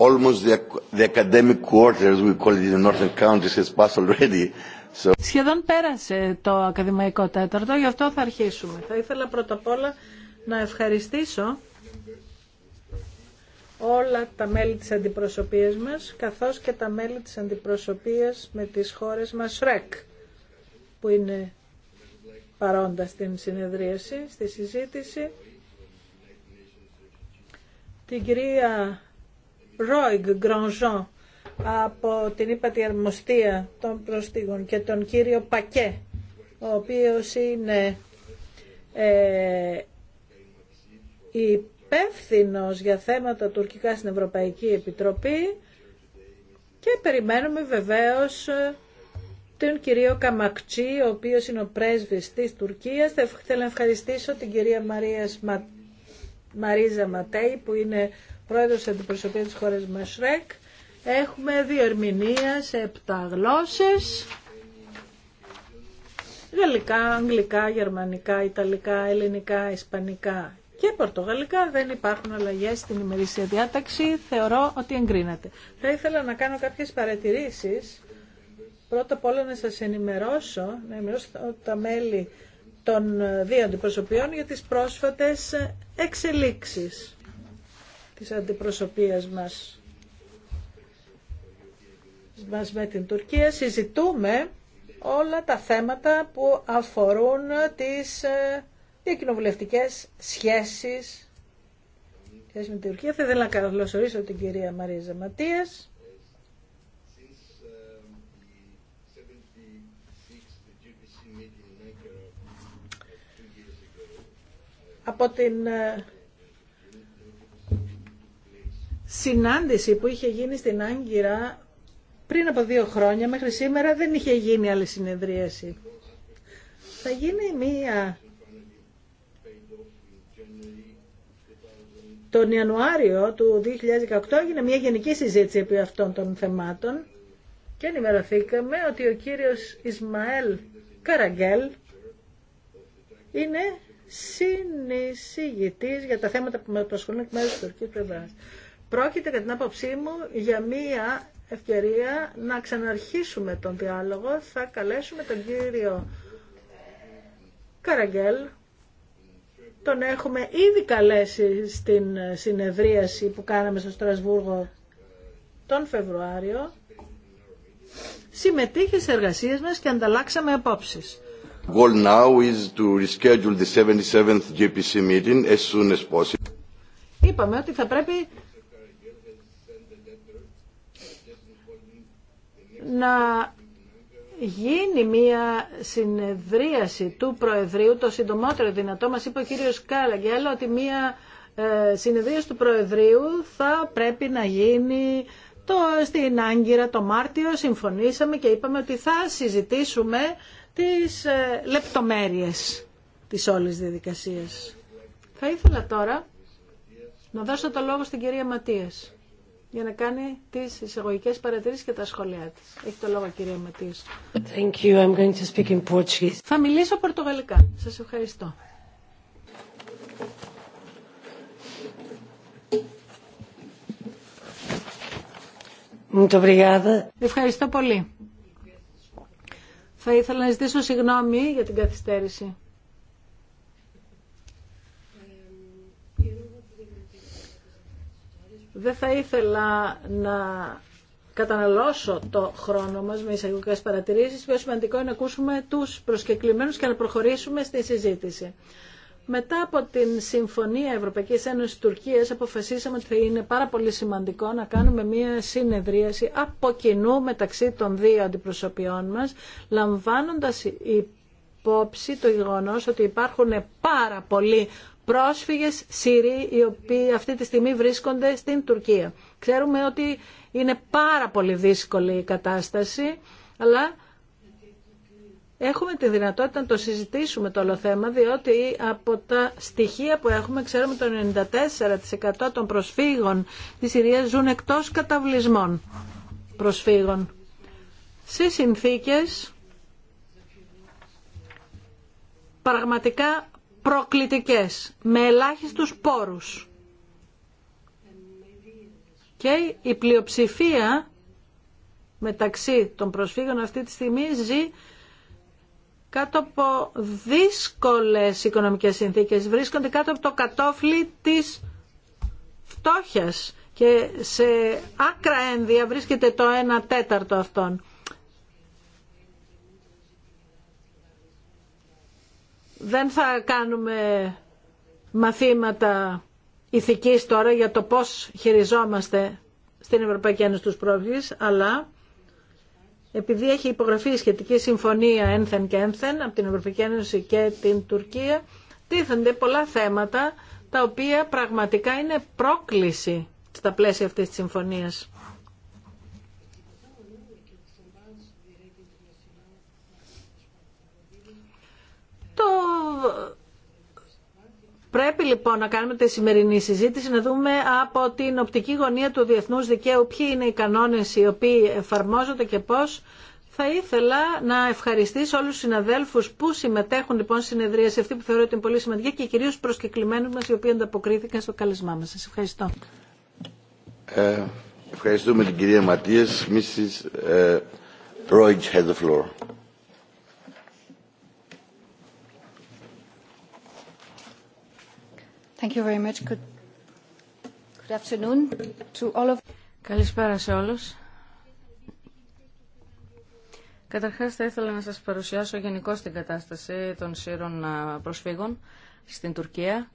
almost the, academic we call passed already. So... Σχεδόν πέρασε το ακαδημαϊκό τέταρτο, γι' αυτό θα αρχίσουμε. Θα ήθελα πρώτα απ' όλα να ευχαριστήσω όλα τα μέλη της αντιπροσωπείας μας, καθώς και τα μέλη της αντιπροσωπείας με τις χώρες μας ΡΕΚ, που είναι παρόντα στην συνεδρίαση, στη συζήτηση. Την κυρία Ρόιγ Γκρονζόν από την ύπατη αρμοστία των προστίγων και τον κύριο Πακέ, ο οποίος είναι ε, υπεύθυνο για θέματα τουρκικά στην Ευρωπαϊκή Επιτροπή και περιμένουμε βεβαίως ε, τον κύριο Καμακτσί, ο οποίος είναι ο πρέσβης της Τουρκίας. Θα θέλω να ευχαριστήσω την κυρία Μαρίζα Ματέη, που είναι πρόεδρος αντιπροσωπείας της χώρας Μασρέκ. Έχουμε δύο ερμηνεία σε επτά γλώσσες. Γαλλικά, αγγλικά, γερμανικά, ιταλικά, ελληνικά, ισπανικά και πορτογαλικά. Δεν υπάρχουν αλλαγέ στην ημερήσια διάταξη. Θεωρώ ότι εγκρίνεται. Θα ήθελα να κάνω κάποιες παρατηρήσεις. Πρώτα απ' όλα να σας ενημερώσω, να ενημερώσω τα μέλη των δύο για τις πρόσφατες εξελίξεις της αντιπροσωπείας μας, μας με την Τουρκία συζητούμε όλα τα θέματα που αφορούν τις ε, διακοινοβουλευτικές σχέσεις με την Τουρκία. Θα ήθελα να καλωσορίσω την κυρία Μαρίζα Ματίας. Από την ε, συνάντηση που είχε γίνει στην Άγκυρα πριν από δύο χρόνια μέχρι σήμερα δεν είχε γίνει άλλη συνεδρίαση. Θα γίνει μία τον Ιανουάριο του 2018 έγινε μια γενική συζήτηση επί αυτών των θεμάτων και ενημερωθήκαμε ότι ο κύριος Ισμαέλ Καραγγέλ είναι συνεισηγητής για τα θέματα που με απασχολούν εκ μέρους της Τουρκής Πρόκειται κατά την άποψή μου για μία ευκαιρία να ξαναρχίσουμε τον διάλογο. Θα καλέσουμε τον κύριο Καραγγέλ. Τον έχουμε ήδη καλέσει στην συνεδρίαση που κάναμε στο Στρασβούργο τον Φεβρουάριο. Συμμετείχε σε εργασίες μας και ανταλλάξαμε απόψεις. Είπαμε ότι θα πρέπει να γίνει μια συνεδρίαση του Προεδρείου, το συντομότερο δυνατό, μας είπε ο κύριος Κάλαγκελ, ότι μια ε, συνεδρίαση του Προεδρείου θα πρέπει να γίνει το, στην Άγκυρα το Μάρτιο, συμφωνήσαμε και είπαμε ότι θα συζητήσουμε τις ε, λεπτομέρειες της όλης διαδικασίας. Θα ήθελα τώρα να δώσω το λόγο στην κυρία Ματίας για να κάνει τις εισαγωγικές παρατηρήσεις και τα σχόλιά της. Έχει το λόγο κυρία ματίς. Thank you. I'm going to speak in Portuguese. Θα μιλήσω πορτογαλικά. Σας ευχαριστώ. Ευχαριστώ πολύ. Θα ήθελα να ζητήσω συγγνώμη για την καθυστέρηση. Δεν θα ήθελα να καταναλώσω το χρόνο μας με εισαγωγικέ παρατηρήσεις. Πιο σημαντικό είναι να ακούσουμε τους προσκεκλημένους και να προχωρήσουμε στη συζήτηση. Μετά από την Συμφωνία Ευρωπαϊκής Ένωσης Τουρκίας αποφασίσαμε ότι είναι πάρα πολύ σημαντικό να κάνουμε μία συνεδρίαση από κοινού μεταξύ των δύο αντιπροσωπιών μας, λαμβάνοντας υπόψη το γεγονός ότι υπάρχουν πάρα πολλοί πρόσφυγες Σύριοι οι οποίοι αυτή τη στιγμή βρίσκονται στην Τουρκία. Ξέρουμε ότι είναι πάρα πολύ δύσκολη η κατάσταση, αλλά έχουμε τη δυνατότητα να το συζητήσουμε το όλο θέμα, διότι από τα στοιχεία που έχουμε, ξέρουμε το 94% των προσφύγων της Συρίας ζουν εκτός καταβλισμών προσφύγων. Σε συνθήκες πραγματικά προκλητικές, με ελάχιστους πόρους. Και η πλειοψηφία μεταξύ των προσφύγων αυτή τη στιγμή ζει κάτω από δύσκολες οικονομικές συνθήκες. Βρίσκονται κάτω από το κατόφλι της φτώχειας και σε άκρα ένδια βρίσκεται το 1 τέταρτο αυτών. δεν θα κάνουμε μαθήματα ηθικής τώρα για το πώς χειριζόμαστε στην Ευρωπαϊκή Ένωση τους πρόβλης, αλλά επειδή έχει υπογραφεί η σχετική συμφωνία ένθεν και ένθεν από την Ευρωπαϊκή Ένωση και την Τουρκία, τίθενται πολλά θέματα τα οποία πραγματικά είναι πρόκληση στα πλαίσια αυτής της συμφωνίας. Το Πρέπει λοιπόν να κάνουμε τη σημερινή συζήτηση, να δούμε από την οπτική γωνία του διεθνούς δικαίου ποιοι είναι οι κανόνες οι οποίοι εφαρμόζονται και πώς. Θα ήθελα να ευχαριστήσω όλους τους συναδέλφους που συμμετέχουν λοιπόν στη σε αυτή που θεωρώ ότι είναι πολύ σημαντική και κυρίως τους προσκεκλημένους μας οι οποίοι ανταποκρίθηκαν στο καλεσμά μας. Σας ευχαριστώ. Ε, ευχαριστούμε την κυρία Ματίας. Mrs. Ε, head Καλησπέρα σε όλους. Καταρχάς θα ήθελα να σας παρουσιάσω γενικώ την κατάσταση των σύρων προσφύγων στην Τουρκία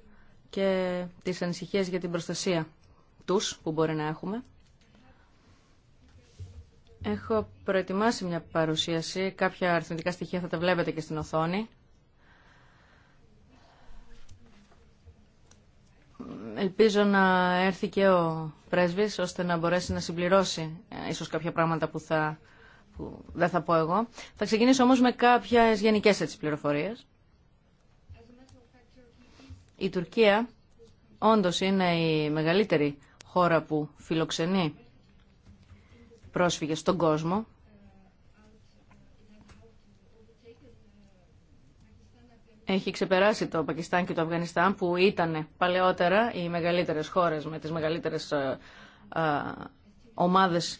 και τις ανησυχίε για την προστασία τους που μπορεί να έχουμε. Έχω προετοιμάσει μια παρουσίαση, κάποια αριθμητικά στοιχεία θα τα βλέπετε και στην οθόνη. ελπίζω να έρθει και ο πρέσβης ώστε να μπορέσει να συμπληρώσει ε, ίσως κάποια πράγματα που, θα, δεν θα πω εγώ. Θα ξεκινήσω όμως με κάποιες γενικές έτσι πληροφορίες. Η Τουρκία όντως είναι η μεγαλύτερη χώρα που φιλοξενεί πρόσφυγες στον κόσμο έχει ξεπεράσει το Πακιστάν και το Αφγανιστάν που ήταν παλαιότερα οι μεγαλύτερες χώρες με τις μεγαλύτερες ε, ε, ομάδες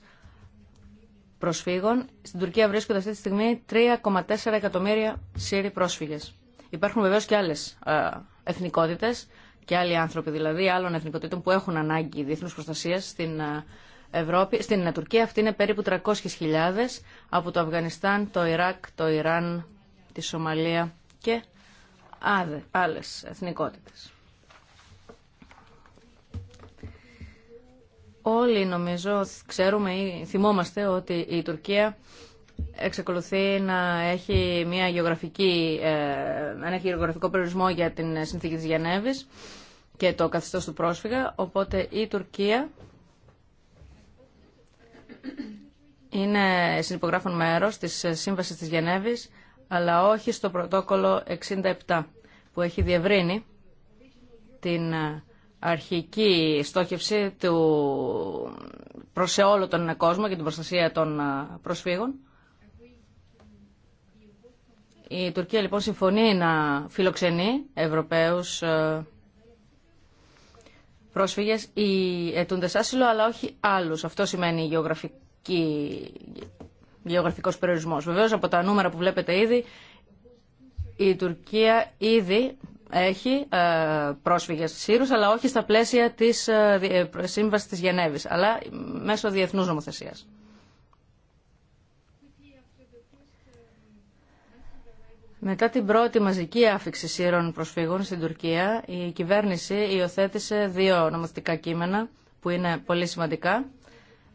προσφύγων. Στην Τουρκία βρίσκονται αυτή τη στιγμή 3,4 εκατομμύρια Σύριοι πρόσφυγες. Υπάρχουν βεβαίως και άλλες ε, εθνικότητες και άλλοι άνθρωποι δηλαδή άλλων εθνικότητων που έχουν ανάγκη διεθνούς προστασίας στην Ευρώπη. Στην Τουρκία αυτή είναι περίπου 300.000 από το Αφγανιστάν, το Ιράκ, το Ιράν, τη Σομαλία και άλλες εθνικότητες. Όλοι νομίζω ξέρουμε ή θυμόμαστε ότι η Τουρκία εξακολουθεί να έχει μια γεωγραφική, ένα ε, γεωγραφικό περιορισμό για την συνθήκη της Γενέβης και το καθεστώς του πρόσφυγα, οπότε η Τουρκία είναι συνυπογράφων μέρος της Σύμβασης της Γενέβης αλλά όχι στο πρωτόκολλο 67 που έχει διευρύνει την ε, αρχική στόχευση του προς όλο τον κόσμο και την προστασία των ε, προσφύγων. Η Τουρκία λοιπόν συμφωνεί να φιλοξενεί Ευρωπαίους ε, πρόσφυγες ή ετούντες άσυλο, αλλά όχι άλλους. Αυτό σημαίνει η ετουντες ασυλο αλλα οχι αλλους αυτο σημαινει γεωγραφικη γεωγραφικός περιορισμός. Βεβαίως από τα νούμερα που βλέπετε ήδη, η Τουρκία ήδη έχει ε, πρόσφυγες Σύρους, αλλά όχι στα πλαίσια της ε, ε Σύμβασης της Γενέβης, αλλά μέσω διεθνούς νομοθεσίας. Μετά την πρώτη μαζική άφηξη Σύρων προσφύγων στην Τουρκία, η κυβέρνηση υιοθέτησε δύο νομοθετικά κείμενα που είναι πολύ σημαντικά.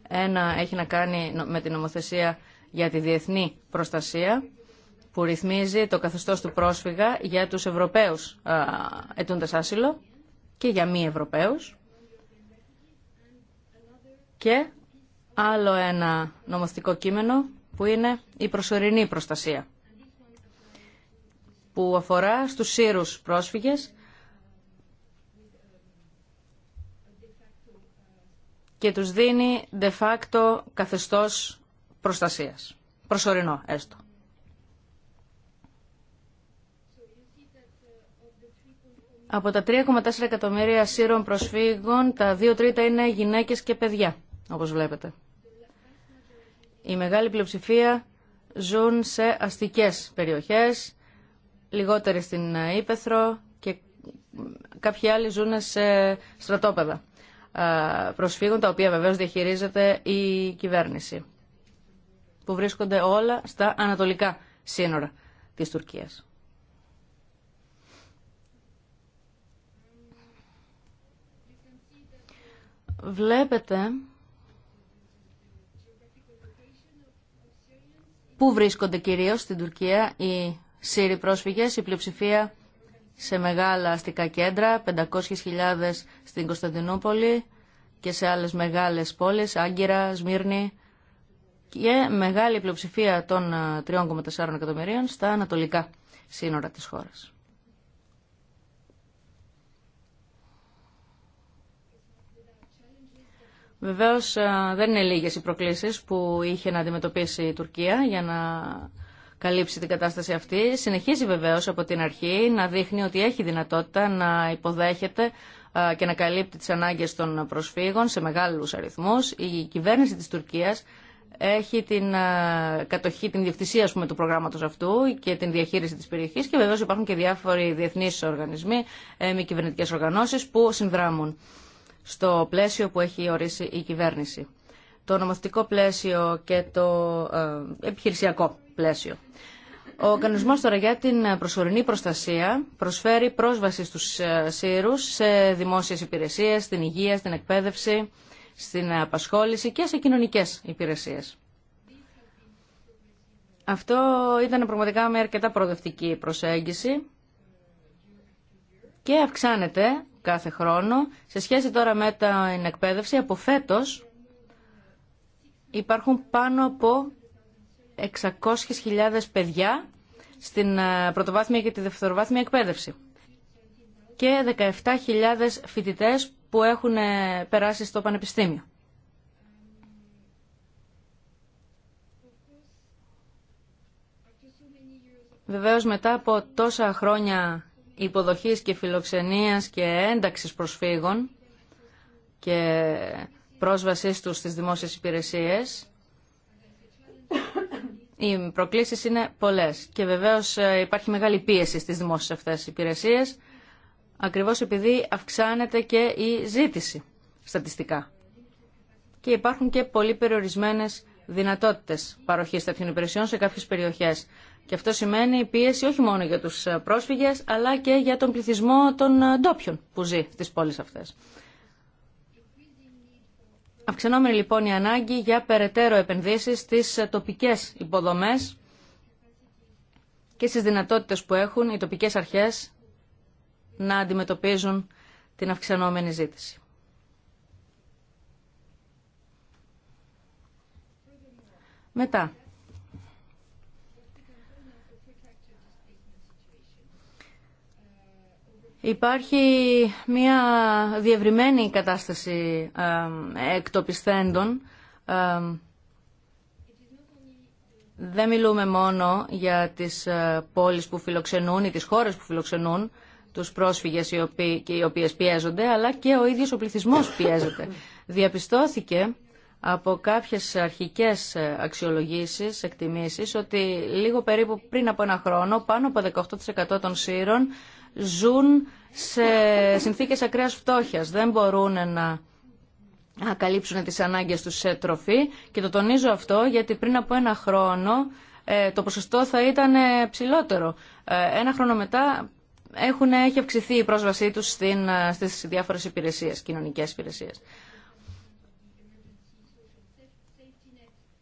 Ένα έχει να κάνει με την νομοθεσία για τη διεθνή προστασία που ρυθμίζει το καθεστώς του πρόσφυγα για τους Ευρωπαίους ετούντες άσυλο και για μη Ευρωπαίους. Και άλλο ένα νομοθετικό κείμενο που είναι η προσωρινή προστασία που αφορά στους σύρους πρόσφυγες και τους δίνει de facto καθεστώς προστασίας. Προσωρινό έστω. Από τα 3,4 εκατομμύρια σύρων προσφύγων, τα δύο τρίτα είναι γυναίκες και παιδιά, όπως βλέπετε. Η μεγάλη πλειοψηφία ζουν σε αστικές περιοχές, λιγότεροι στην Ήπεθρο και κάποιοι άλλοι ζουν σε στρατόπεδα προσφύγων, τα οποία βεβαίως διαχειρίζεται η κυβέρνηση που βρίσκονται όλα στα ανατολικά σύνορα της Τουρκίας. Βλέπετε πού βρίσκονται κυρίως στην Τουρκία οι Σύριοι πρόσφυγες, η πλειοψηφία σε μεγάλα αστικά κέντρα, 500.000 στην Κωνσταντινούπολη και σε άλλες μεγάλες πόλεις, Άγκυρα, Σμύρνη, και μεγάλη πλειοψηφία των 3,4 ε, εκατομμυρίων στα ανατολικά σύνορα της χώρας. Βεβαίως ε, δεν είναι λίγες οι προκλήσεις που είχε να αντιμετωπίσει η Τουρκία για να καλύψει την κατάσταση αυτή. Συνεχίζει βεβαίως από την αρχή να δείχνει ότι έχει δυνατότητα να υποδέχεται ε, και να καλύπτει τις ανάγκες των προσφύγων σε μεγάλους αριθμούς. Η κυβέρνηση της Τουρκίας έχει την ε, κατοχή, την διευθυνσία πούμε, του προγράμματο αυτού και την διαχείριση της περιοχή και βεβαίω υπάρχουν και διάφοροι διεθνείς οργανισμοί, ε, μη κυβερνητικέ οργανώσεις που συνδράμουν στο πλαίσιο που έχει ορίσει η κυβέρνηση. Το νομοθετικό πλαίσιο και το ε, επιχειρησιακό πλαίσιο. Ο κανονισμός τώρα για την προσωρινή προστασία προσφέρει πρόσβαση στους σύρου σε δημόσιε υπηρεσίε, στην υγεία, στην εκπαίδευση, στην απασχόληση και σε κοινωνικές υπηρεσίες. Αυτό ήταν πραγματικά με αρκετά προοδευτική προσέγγιση και αυξάνεται κάθε χρόνο. Σε σχέση τώρα με την εκπαίδευση, από φέτος υπάρχουν πάνω από 600.000 παιδιά στην ε, πρωτοβάθμια και τη δευτεροβάθμια εκπαίδευση και 17.000 φοιτητές που έχουν ε, περάσει στο πανεπιστήμιο. Βεβαίως μετά από τόσα χρόνια υποδοχής και φιλοξενίας και ένταξης προσφύγων και πρόσβασής τους στις δημόσιες υπηρεσίες, οι προκλήσεις είναι πολλές και βεβαίως ε, υπάρχει μεγάλη πίεση στις δημόσιες αυτές υπηρεσίες ακριβώς επειδή αυξάνεται και η ζήτηση στατιστικά. Και υπάρχουν και πολύ περιορισμένες δυνατότητες παροχής τέτοιων υπηρεσιών σε κάποιες περιοχές. Και αυτό σημαίνει πίεση όχι μόνο για τους ε, πρόσφυγες, αλλά και για τον πληθυσμό των ε, ντόπιων που ζει στις πόλεις αυτές. Αυξανόμενη λοιπόν η ανάγκη για περαιτέρω επενδύσεις στις ε, τοπικές υποδομές και στις δυνατότητες που έχουν οι τοπικές αρχές να αντιμετωπίζουν την αυξανόμενη ζήτηση. Μετά. Υπάρχει μια διευρυμένη κατάσταση εκτοπιστέντων. Δεν μιλούμε μόνο για τις ε, πόλεις που φιλοξενούν ή τις χώρες που φιλοξενούν, τους πρόσφυγες οι οποίοι, και οι οποίες πιέζονται, αλλά και ο ίδιος ο πληθυσμός πιέζεται. Διαπιστώθηκε από κάποιες αρχικές αξιολογήσεις, εκτιμήσεις, ότι λίγο περίπου πριν από ένα χρόνο πάνω από 18% των Σύρων ζουν σε συνθήκες ακραίας φτώχειας. Δεν μπορούν να καλύψουν τις ανάγκες τους σε τροφή και το τονίζω αυτό γιατί πριν από ένα χρόνο ε, το ποσοστό θα ήταν ε, ψηλότερο. Ε, ένα χρόνο μετά έχουν, έχει αυξηθεί η πρόσβασή τους στην, ε, στις διάφορες υπηρεσίες, κοινωνικές υπηρεσίες.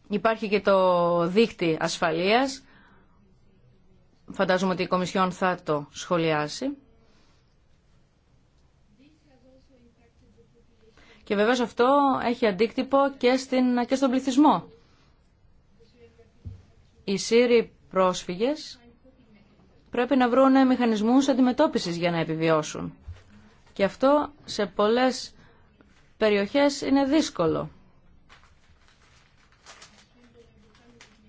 Υπάρχει και το δίκτυ ασφαλείας. Φαντάζομαι ότι η Κομισιόν θα το σχολιάσει. Και βεβαίως αυτό έχει αντίκτυπο και, στην, και στον πληθυσμό. Οι Σύριοι πρόσφυγες πρέπει να βρουν μηχανισμούς αντιμετώπισης για να επιβιώσουν. Και αυτό σε πολλές περιοχές είναι δύσκολο.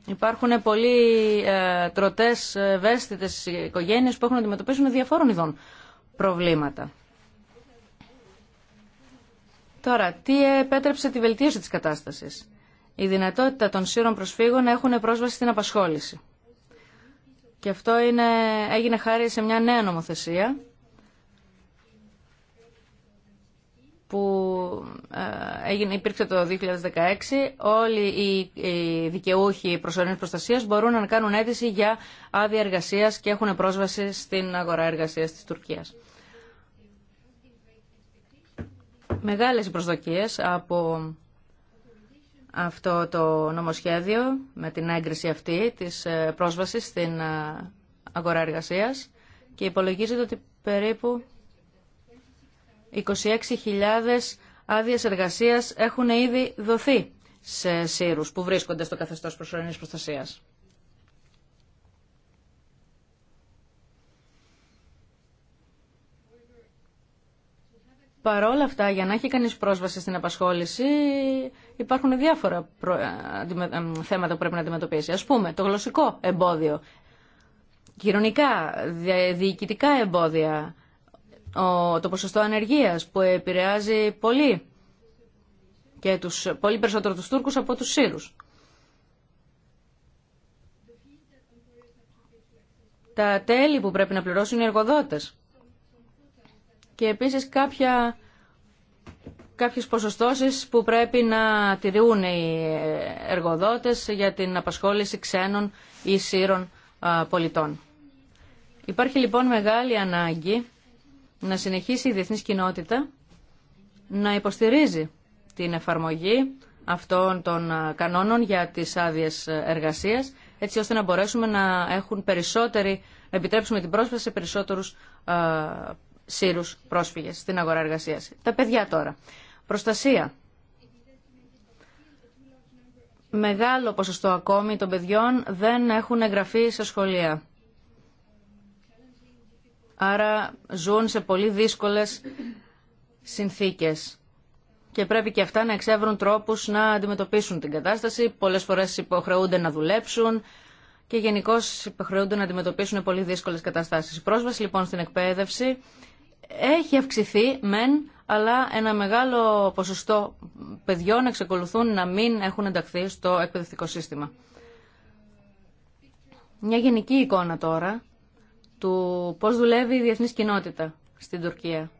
Υπάρχουν πολλοί ε, τροτές ε, ευαίσθητες οικογένειες που έχουν να αντιμετωπίσουν διαφόρων ειδών προβλήματα. Τώρα, τι επέτρεψε τη βελτίωση της κατάστασης. Η δυνατότητα των σύρων προσφύγων να έχουν πρόσβαση στην απασχόληση. Και αυτό είναι, έγινε χάρη σε μια νέα νομοθεσία που ε, έγινε, υπήρξε το 2016. Όλοι οι, οι δικαιούχοι προσωρινής προστασίας μπορούν να κάνουν αίτηση για άδεια εργασίας και έχουν πρόσβαση στην αγορά εργασίας της Τουρκίας. Μεγάλες οι προσδοκίες από αυτό το νομοσχέδιο με την έγκριση αυτή της ε, πρόσβασης στην ε, αγορά εργασίας και υπολογίζεται ότι περίπου 26.000 άδειε εργασίας έχουν ήδη δοθεί σε σύρους που βρίσκονται στο καθεστώς προσωρινής προστασίας. Παρόλα αυτά, για να έχει κανείς πρόσβαση στην απασχόληση, υπάρχουν διάφορα θέματα που πρέπει να αντιμετωπίσει. Ας πούμε, το γλωσσικό εμπόδιο, κοινωνικά, διοικητικά εμπόδια, το ποσοστό ανεργίας που επηρεάζει πολύ και τους, πολύ περισσότερο τους Τούρκους από τους Σύρους. Τα τέλη που πρέπει να πληρώσουν οι εργοδότες και επίσης κάποια, κάποιες ποσοστώσεις που πρέπει να τηρούν οι εργοδότες για την απασχόληση ξένων ή σύρων πολιτών. Υπάρχει λοιπόν μεγάλη ανάγκη να συνεχίσει η διεθνής κοινότητα να υποστηρίζει την εφαρμογή αυτών των κανόνων για τις άδειε εργασίας έτσι ώστε να μπορέσουμε να έχουν περισσότερη, επιτρέψουμε την πρόσβαση σε περισσότερους Σύρου πρόσφυγες στην αγορά εργασίας. Τα παιδιά τώρα. Προστασία. Μεγάλο ποσοστό ακόμη των παιδιών δεν έχουν εγγραφεί σε σχολεία. Άρα ζουν σε πολύ δύσκολες συνθήκες. Και πρέπει και αυτά να εξεύρουν τρόπους να αντιμετωπίσουν την κατάσταση. Πολλές φορές υποχρεούνται να δουλέψουν και γενικώ υποχρεούνται να αντιμετωπίσουν πολύ δύσκολε καταστάσει. πρόσβαση λοιπόν στην εκπαίδευση έχει αυξηθεί μεν, αλλά ένα μεγάλο ποσοστό παιδιών εξακολουθούν να μην έχουν ενταχθεί στο εκπαιδευτικό σύστημα. Μια γενική εικόνα τώρα του πώς δουλεύει η διεθνής κοινότητα στην Τουρκία.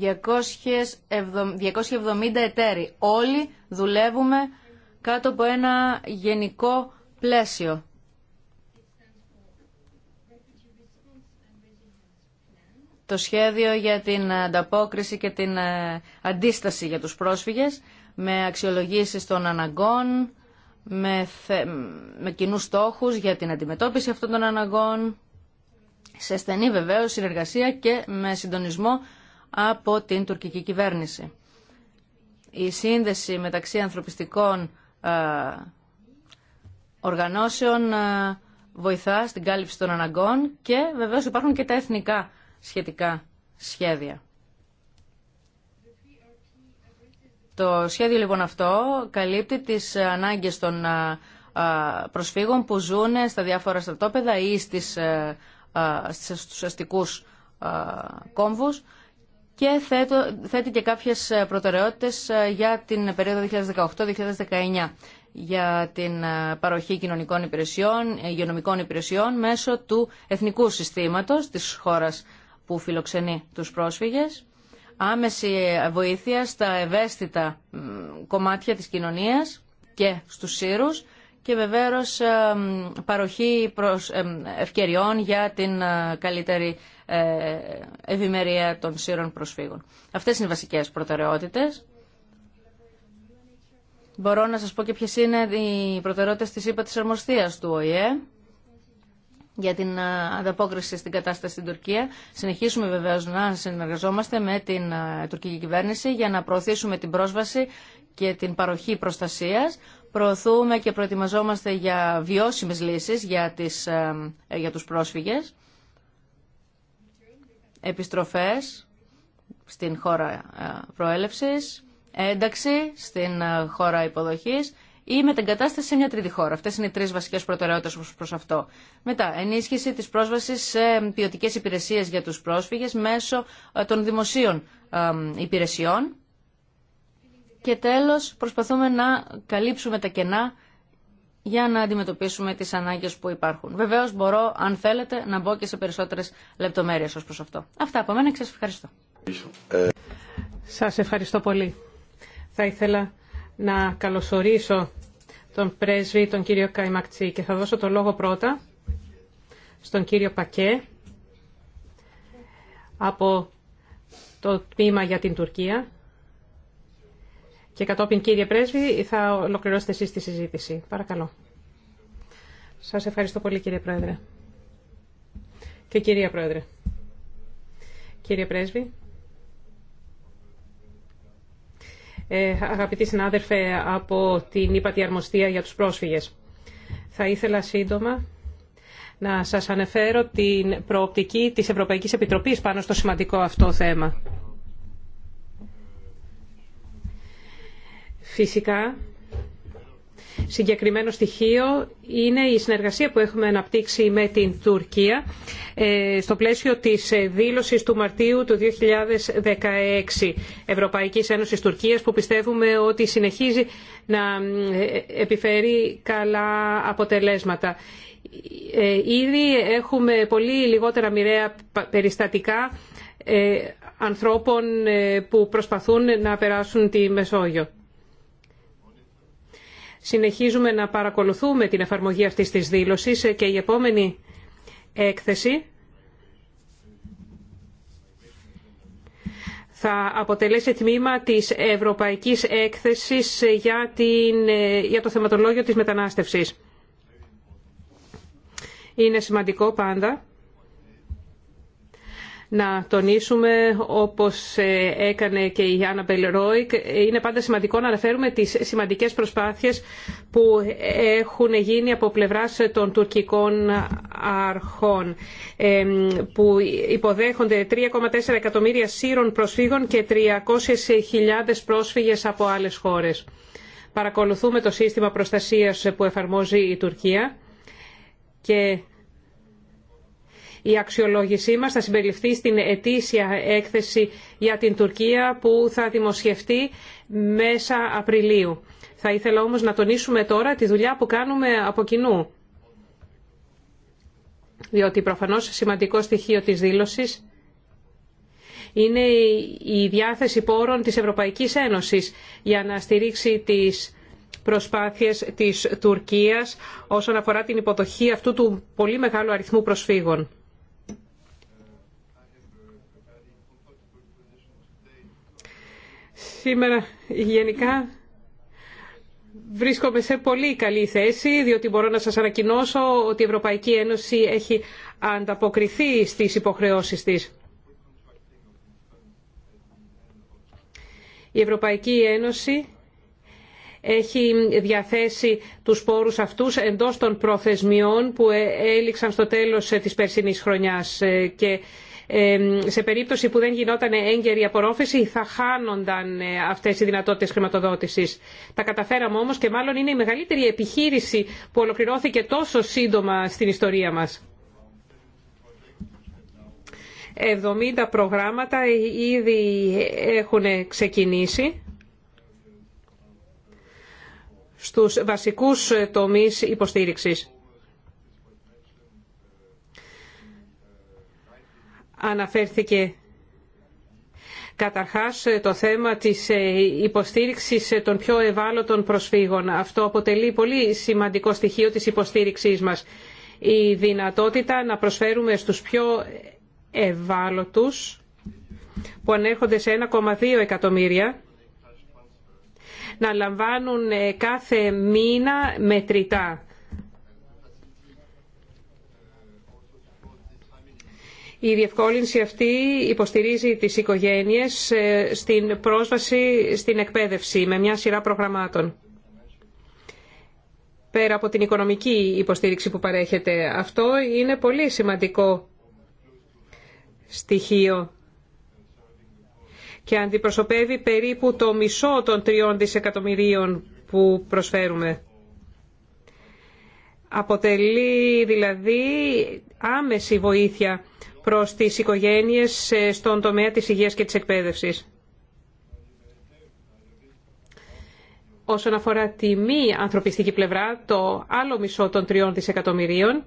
...270 εταίροι. Όλοι δουλεύουμε κάτω από ένα γενικό πλαίσιο το σχέδιο για την ανταπόκριση και την ε, αντίσταση για τους πρόσφυγες με αξιολογήσεις των αναγκών, με, θε... με κοινούς στόχους για την αντιμετώπιση αυτών των αναγκών, σε στενή βεβαίως συνεργασία και με συντονισμό από την τουρκική κυβέρνηση. Η σύνδεση μεταξύ ανθρωπιστικών ε, οργανώσεων ε, βοηθά στην κάλυψη των αναγκών και βεβαίως υπάρχουν και τα εθνικά σχετικά σχέδια. Το σχέδιο λοιπόν αυτό καλύπτει τις ανάγκες των προσφύγων που ζουν στα διάφορα στρατόπεδα ή στις, ε, στους αστικούς κόμβους και θέτει και κάποιες προτεραιότητες για την περίοδο 2018-2019 για την παροχή κοινωνικών υπηρεσιών, υγειονομικών υπηρεσιών μέσω του εθνικού συστήματος της χώρας που φιλοξενεί τους πρόσφυγες, άμεση βοήθεια στα ευαίσθητα κομμάτια της κοινωνίας και στους σύρους και βεβαίως ε, παροχή προς ε, ευκαιριών για την ε, καλύτερη ευημερία των σύρων προσφύγων. Αυτές είναι οι βασικές προτεραιότητες. Μπορώ να σας πω και ποιες είναι οι προτεραιότητες της ΥΠΑ της Αρμοστίας του ΟΗΕ για την ε, ανταπόκριση στην κατάσταση στην Τουρκία. Συνεχίσουμε βεβαίως να συνεργαζόμαστε με την ε, τουρκική κυβέρνηση για να προωθήσουμε την πρόσβαση και την παροχή προστασίας. Προωθούμε και προετοιμαζόμαστε για βιώσιμες λύσεις για, τις, ε, για τους πρόσφυγες. Επιστροφές στην χώρα προέλευσης, ένταξη στην χώρα υποδοχής ή μετεγκατάσταση σε μια τρίτη χώρα. Αυτέ είναι οι τρει βασικέ προτεραιότητε προ αυτό. Μετά, ενίσχυση τη πρόσβαση σε ποιοτικέ υπηρεσίε για του πρόσφυγε μέσω ε, των δημοσίων υπηρεσιών. Και τέλος, προσπαθούμε να καλύψουμε τα κενά για να αντιμετωπίσουμε τις ανάγκες που υπάρχουν. Βεβαίως μπορώ, αν θέλετε, να μπω και σε περισσότερες λεπτομέρειες ως προς αυτό. Αυτά από μένα και σας ευχαριστώ. Ε, σας ευχαριστώ πολύ. Θα ήθελα να καλωσορίσω τον πρέσβη, τον κύριο Καϊμακτσί και θα δώσω το λόγο πρώτα στον κύριο Πακέ από το τμήμα για την Τουρκία και κατόπιν κύριε πρέσβη θα ολοκληρώσετε εσείς τη συζήτηση. Παρακαλώ. Σας ευχαριστώ πολύ κύριε Πρόεδρε. Και κυρία Πρόεδρε. Κύριε Πρέσβη. Ε, αγαπητοί συνάδελφε από την ΥΠΑΤΗ Αρμοστία για τους πρόσφυγες. Θα ήθελα σύντομα να σας αναφέρω την προοπτική της Ευρωπαϊκής Επιτροπής πάνω στο σημαντικό αυτό θέμα. Φυσικά, συγκεκριμένο στοιχείο είναι η συνεργασία που έχουμε αναπτύξει με την Τουρκία ε, στο πλαίσιο της ε, δήλωσης του Μαρτίου του 2016 Ευρωπαϊκής Ένωσης Τουρκίας που πιστεύουμε ότι συνεχίζει να ε, επιφέρει καλά αποτελέσματα. Ήδη έχουμε πολύ λιγότερα μοιραία περιστατικά ανθρώπων που προσπαθούν να περάσουν τη Μεσόγειο. Συνεχίζουμε να παρακολουθούμε την εφαρμογή αυτής της δήλωσης και η επόμενη έκθεση θα αποτελέσει τμήμα της Ευρωπαϊκής Έκθεσης για, την, για το θεματολόγιο της μετανάστευσης. Είναι σημαντικό πάντα να τονίσουμε, όπως ε, έκανε και η Άννα Μπελρόικ, είναι πάντα σημαντικό να αναφέρουμε τις σημαντικές προσπάθειες που έχουν γίνει από πλευράς των τουρκικών αρχών, ε, που υποδέχονται 3,4 εκατομμύρια σύρων προσφύγων και 300.000 πρόσφυγες από άλλες χώρες. Παρακολουθούμε το σύστημα προστασίας που εφαρμόζει η Τουρκία και η αξιολόγησή μας θα συμπεριληφθεί στην ετήσια έκθεση για την Τουρκία που θα δημοσιευτεί μέσα Απριλίου. Θα ήθελα όμως να τονίσουμε τώρα τη δουλειά που κάνουμε από κοινού. Διότι προφανώς σημαντικό στοιχείο της δήλωσης είναι η διάθεση πόρων της Ευρωπαϊκής Ένωσης για να στηρίξει τις προσπάθειες της Τουρκίας όσον αφορά την υποδοχή αυτού του πολύ μεγάλου αριθμού προσφύγων. Σήμερα γενικά βρίσκομαι σε πολύ καλή θέση, διότι μπορώ να σας ανακοινώσω ότι η Ευρωπαϊκή Ένωση έχει ανταποκριθεί στις υποχρεώσεις της. Η Ευρωπαϊκή Ένωση έχει διαθέσει τους πόρους αυτούς εντός των προθεσμιών που ε, έληξαν στο τέλος ε, της περσινής χρονιάς ε, και σε περίπτωση που δεν γινόταν έγκαιρη απορρόφηση θα χάνονταν ε, αυτές οι δυνατότητες χρηματοδότησης. Τα καταφέραμε όμως και μάλλον είναι η μεγαλύτερη επιχείρηση που ολοκληρώθηκε τόσο σύντομα στην ιστορία μας. 70 προγράμματα ήδη έχουν ξεκινήσει στους βασικούς τομείς υποστήριξης. αναφέρθηκε Καταρχάς το θέμα της ε, υποστήριξης ε, των πιο ευάλωτων προσφύγων. Αυτό αποτελεί πολύ σημαντικό στοιχείο της υποστήριξής μας. Η δυνατότητα να προσφέρουμε στους πιο ευάλωτους που ανέρχονται σε 1,2 εκατομμύρια να λαμβάνουν ε, κάθε μήνα μετρητά Η διευκόλυνση αυτή υποστηρίζει τις οικογένειες ε, στην πρόσβαση στην εκπαίδευση με μια σειρά προγραμμάτων. Πέρα από την οικονομική υποστήριξη που παρέχεται, αυτό είναι πολύ σημαντικό στοιχείο και αντιπροσωπεύει περίπου το μισό των τριών δισεκατομμυρίων που προσφέρουμε. Αποτελεί δηλαδή άμεση βοήθεια προς τις οικογένειες ε, στον τομέα της υγείας και της εκπαίδευσης. Όσον αφορά τη μη ανθρωπιστική πλευρά, το άλλο μισό των τριών δισεκατομμυρίων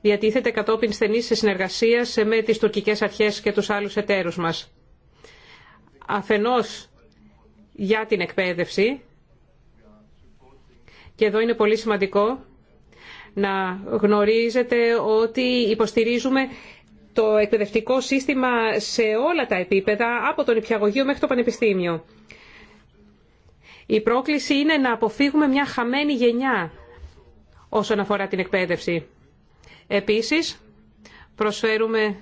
διατίθεται κατόπιν στενής συνεργασίας με τις τουρκικές αρχές και τους άλλους εταίρους μας. Αφενός για την εκπαίδευση, και εδώ είναι πολύ σημαντικό να γνωρίζετε ότι υποστηρίζουμε το εκπαιδευτικό σύστημα σε όλα τα επίπεδα, από τον υπηαγωγείο μέχρι το πανεπιστήμιο. Η πρόκληση είναι να αποφύγουμε μια χαμένη γενιά όσον αφορά την εκπαίδευση. Επίσης, προσφέρουμε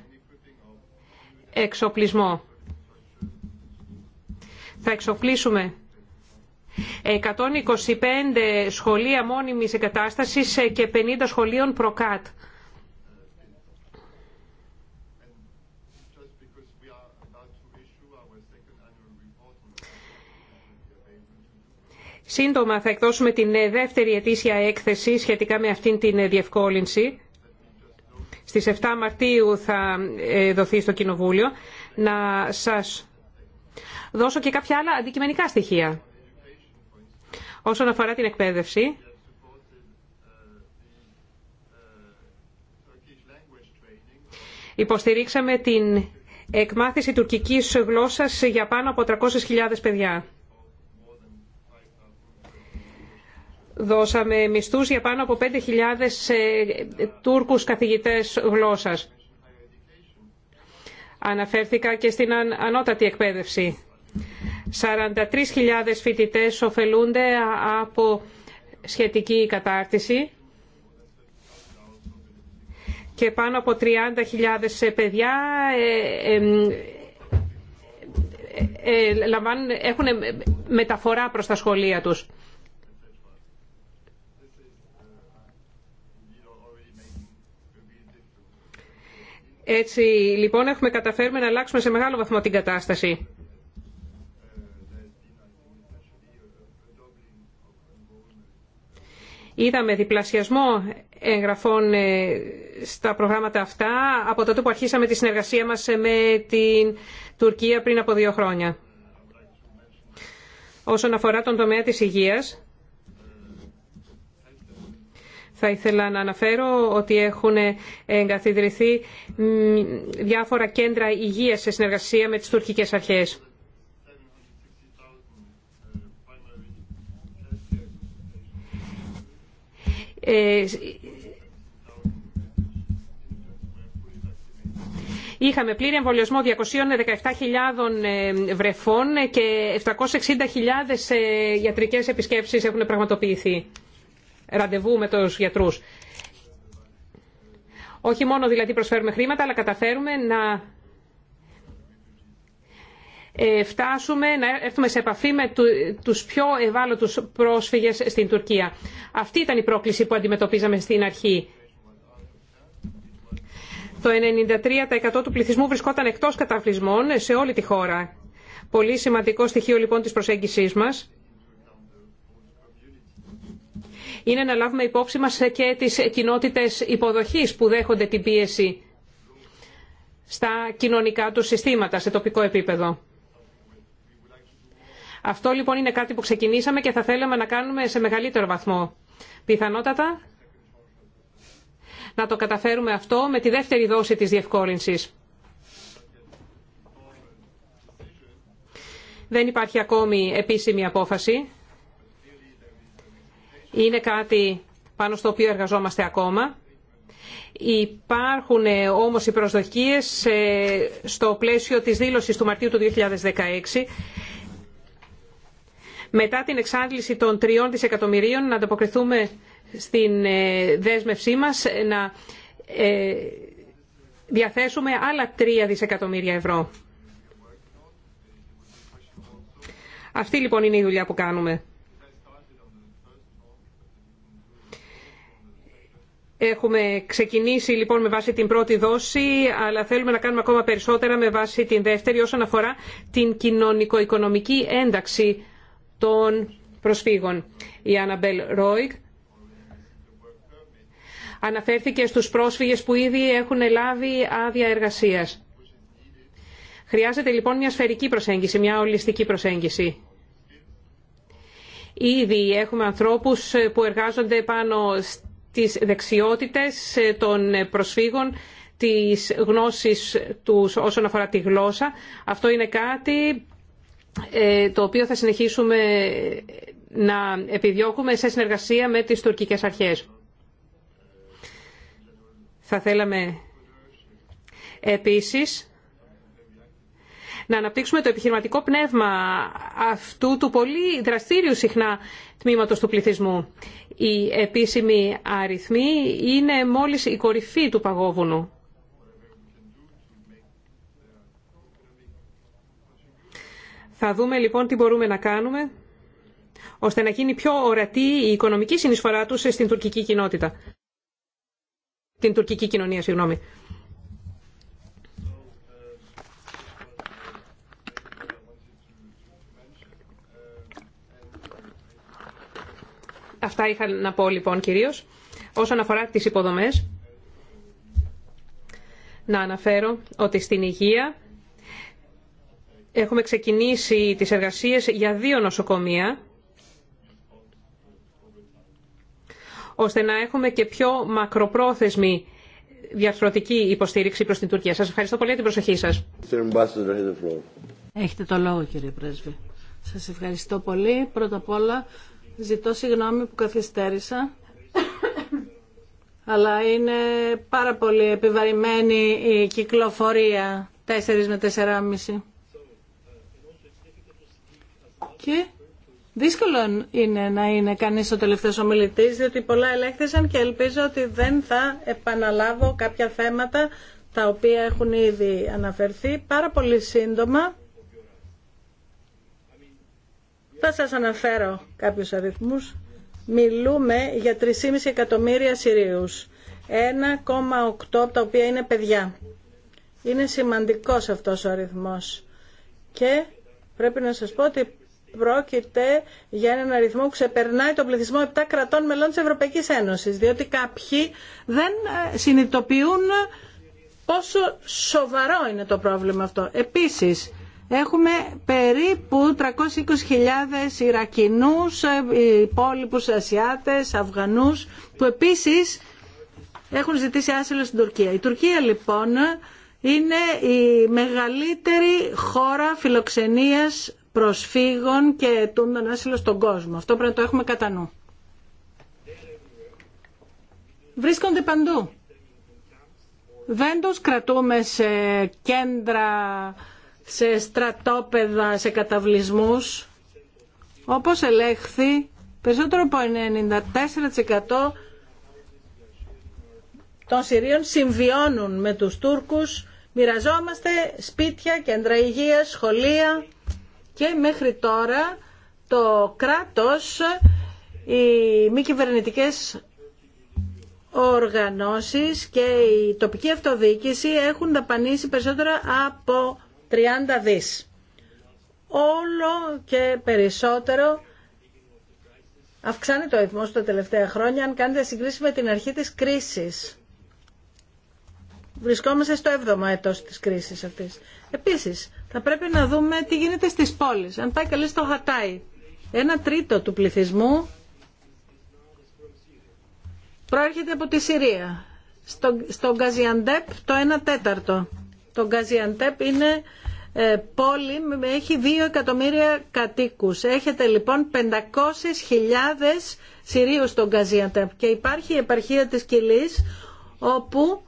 εξοπλισμό. Θα εξοπλίσουμε 125 σχολεία μόνιμης εγκατάστασης ε, και 50 σχολείων προκάτ. Σύντομα θα εκδώσουμε την ε, δεύτερη ετήσια έκθεση σχετικά με αυτήν την ε, διευκόλυνση. Στις 7 Μαρτίου θα δοθεί στο Κοινοβούλιο. Να σας δώσω και κάποια άλλα αντικειμενικά στοιχεία. Όσον αφορά την εκπαίδευση, υποστηρίξαμε την εκμάθηση τουρκικής γλώσσας για πάνω από 300.000 παιδιά. Δώσαμε μισθούς για πάνω από 5.000 ε, Τούρκους καθηγητές γλώσσας. Αναφέρθηκα και στην ανώτατη εκπαίδευση. 43.000 φοιτητές ωφελούνται από σχετική κατάρτιση και πάνω από 30.000 παιδιά ε, ε, ε, έχουν μεταφορά προς τα σχολεία τους. Έτσι λοιπόν έχουμε καταφέρει να αλλάξουμε σε μεγάλο βαθμό την κατάσταση. Είδαμε διπλασιασμό εγγραφών ε, στα προγράμματα αυτά από τότε που αρχίσαμε τη συνεργασία μας ε, με την Τουρκία πριν από δύο χρόνια. Όσον αφορά τον τομέα της υγείας, θα ήθελα να αναφέρω ότι έχουν εγκαθιδρυθεί διάφορα κέντρα υγείας σε συνεργασία με τις τουρκικές αρχές. Είχαμε πλήρη εμβολιασμό 217.000 ε, βρεφών και 760.000 ε, ιατρικές επισκέψεις έχουν πραγματοποιηθεί. Ραντεβού με τους γιατρούς. Όχι μόνο δηλαδή προσφέρουμε χρήματα, αλλά καταφέρουμε να ε, φτάσουμε, να έρθουμε σε επαφή με τους πιο ευάλωτους πρόσφυγες στην Τουρκία. Αυτή ήταν η πρόκληση που αντιμετωπίζαμε στην αρχή. Το 93% του πληθυσμού βρισκόταν εκτός καταβλισμών σε όλη τη χώρα. Πολύ σημαντικό στοιχείο λοιπόν της προσέγγισής μας είναι να λάβουμε υπόψη μας και τις κοινότητες υποδοχής που δέχονται την πίεση στα κοινωνικά του συστήματα σε τοπικό επίπεδο. Αυτό λοιπόν είναι κάτι που ξεκινήσαμε και θα θέλαμε να κάνουμε σε μεγαλύτερο βαθμό. Πιθανότατα να το καταφέρουμε αυτό με τη δεύτερη δόση της διευκόλυνσης. Δεν υπάρχει ακόμη επίσημη απόφαση. Είναι κάτι πάνω στο οποίο εργαζόμαστε ακόμα. Υπάρχουν ε, όμως οι προσδοκίες ε, στο πλαίσιο της δήλωσης του Μαρτίου του 2016 μετά την εξάντληση των τριών δισεκατομμυρίων να ανταποκριθούμε στην ε, δέσμευσή μας να ε, διαθέσουμε άλλα τρία δισεκατομμύρια ευρώ. Αυτή λοιπόν είναι η δουλειά που κάνουμε. Έχουμε ξεκινήσει λοιπόν με βάση την πρώτη δόση, αλλά θέλουμε να κάνουμε ακόμα περισσότερα με βάση την δεύτερη όσον αφορά την κοινωνικο-οικονομική ένταξη των προσφύγων. Η Αναμπέλ Ρόιγ αναφέρθηκε στους πρόσφυγες που ήδη έχουν λάβει άδεια εργασίας. Χρειάζεται λοιπόν μια σφαιρική προσέγγιση, μια ολιστική προσέγγιση. Ήδη έχουμε ανθρώπους ε, που εργάζονται πάνω στις δεξιότητες ε, των προσφύγων, τις γνώσεις τους όσον αφορά τη γλώσσα. Αυτό είναι κάτι ε, το οποίο θα συνεχίσουμε να επιδιώκουμε σε συνεργασία με τις τουρκικές αρχές. Θα θέλαμε επίσης να αναπτύξουμε το επιχειρηματικό πνεύμα αυτού του πολύ δραστήριου συχνά τμήματος του πληθυσμού. Η επίσημη αριθμή είναι μόλις η κορυφή του παγόβουνου. Θα δούμε λοιπόν τι μπορούμε να κάνουμε ώστε να γίνει πιο ορατή η οικονομική συνεισφορά τους στην τουρκική κοινότητα. Την τουρκική κοινωνία, συγγνώμη. Αυτά είχα να πω λοιπόν κυρίως. Όσον αφορά τις υποδομές, να αναφέρω ότι στην υγεία Έχουμε ξεκινήσει τις εργασίες για δύο νοσοκομεία, ώστε να έχουμε και πιο μακροπρόθεσμη διαρθρωτική υποστήριξη προς την Τουρκία. Σας ευχαριστώ πολύ για την προσοχή σας. Έχετε το λόγο κύριε Πρέσβη. Σας ευχαριστώ πολύ. Πρώτα απ' όλα ζητώ συγγνώμη που καθυστέρησα. Αλλά είναι πάρα πολύ επιβαρημένη η κυκλοφορία 4 με 4,5. Και δύσκολο είναι να είναι κανείς ο τελευταίος ομιλητής, διότι πολλά ελέγχθησαν και ελπίζω ότι δεν θα επαναλάβω κάποια θέματα τα οποία έχουν ήδη αναφερθεί. Πάρα πολύ σύντομα θα σας αναφέρω κάποιους αριθμούς. Μιλούμε για 3,5 εκατομμύρια Συρίους. 1,8 τα οποία είναι παιδιά. Είναι σημαντικός αυτός ο αριθμός. Και πρέπει να σας πω ότι πρόκειται για έναν αριθμό που ξεπερνάει τον πληθυσμό 7 κρατών μελών της Ευρωπαϊκής Ένωσης, διότι κάποιοι δεν ε, συνειδητοποιούν πόσο σοβαρό είναι το πρόβλημα αυτό. Επίσης, Έχουμε περίπου 320.000 Ιρακινούς, ε, υπόλοιπους Ασιάτες, Αφγανούς, που επίσης έχουν ζητήσει άσυλο στην Τουρκία. Η Τουρκία λοιπόν είναι η μεγαλύτερη χώρα φιλοξενίας προσφύγων και τον άσυλο στον κόσμο. Αυτό πρέπει να το έχουμε κατά νου. Βρίσκονται παντού. Δεν του κρατούμε σε κέντρα, σε στρατόπεδα, σε καταβλισμούς. Όπως ελέγχθη, περισσότερο από 94% των Συρίων συμβιώνουν με τους Τούρκους. Μοιραζόμαστε σπίτια, κέντρα υγείας, σχολεία και μέχρι τώρα το κράτος, οι μη κυβερνητικέ οργανώσεις και η τοπική αυτοδιοίκηση έχουν δαπανίσει περισσότερα από 30 δις. Όλο και περισσότερο αυξάνεται το αριθμό τα τελευταία χρόνια αν κάνετε συγκρίση με την αρχή της κρίσης. Βρισκόμαστε στο 7ο έτος της κρίσης αυτής. Επίσης, θα πρέπει να δούμε τι γίνεται στις πόλεις. Αν πάει καλή στο Χατάι, ένα τρίτο του πληθυσμού προέρχεται από τη Συρία. Στο, στο Γκαζιαντέπ το 1 τέταρτο. Το Γκαζιαντέπ είναι ε, πόλη, έχει 2 εκατομμύρια κατοίκους. Έχετε λοιπόν 500.000 Συρίους στο Γκαζιαντέπ και υπάρχει η επαρχία της Κιλής όπου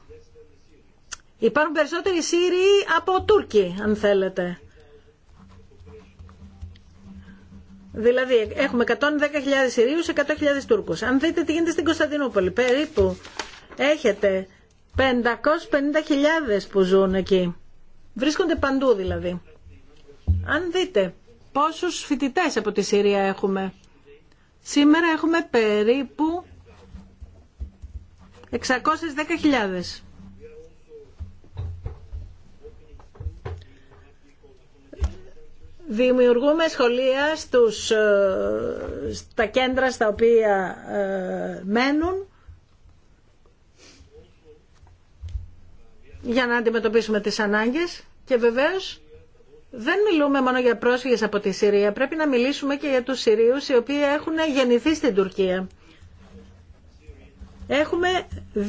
Υπάρχουν περισσότεροι Σύριοι από Τούρκοι, αν θέλετε. Δηλαδή, έχουμε 110.000 Συρίους, 100.000 Τούρκους. Αν δείτε τι γίνεται στην Κωνσταντινούπολη, περίπου έχετε 550.000 που ζουν εκεί. Βρίσκονται παντού δηλαδή. Αν δείτε πόσους φοιτητές από τη Συρία έχουμε. Σήμερα έχουμε περίπου 610.000. Δημιουργούμε σχολεία στους, ε, στα κέντρα στα οποία ε, μένουν για να αντιμετωπίσουμε τις ανάγκες και βεβαίως δεν μιλούμε μόνο για πρόσφυγες από τη Συρία, πρέπει να μιλήσουμε και για τους Συρίους οι οποίοι έχουν γεννηθεί στην Τουρκία. Έχουμε 208.000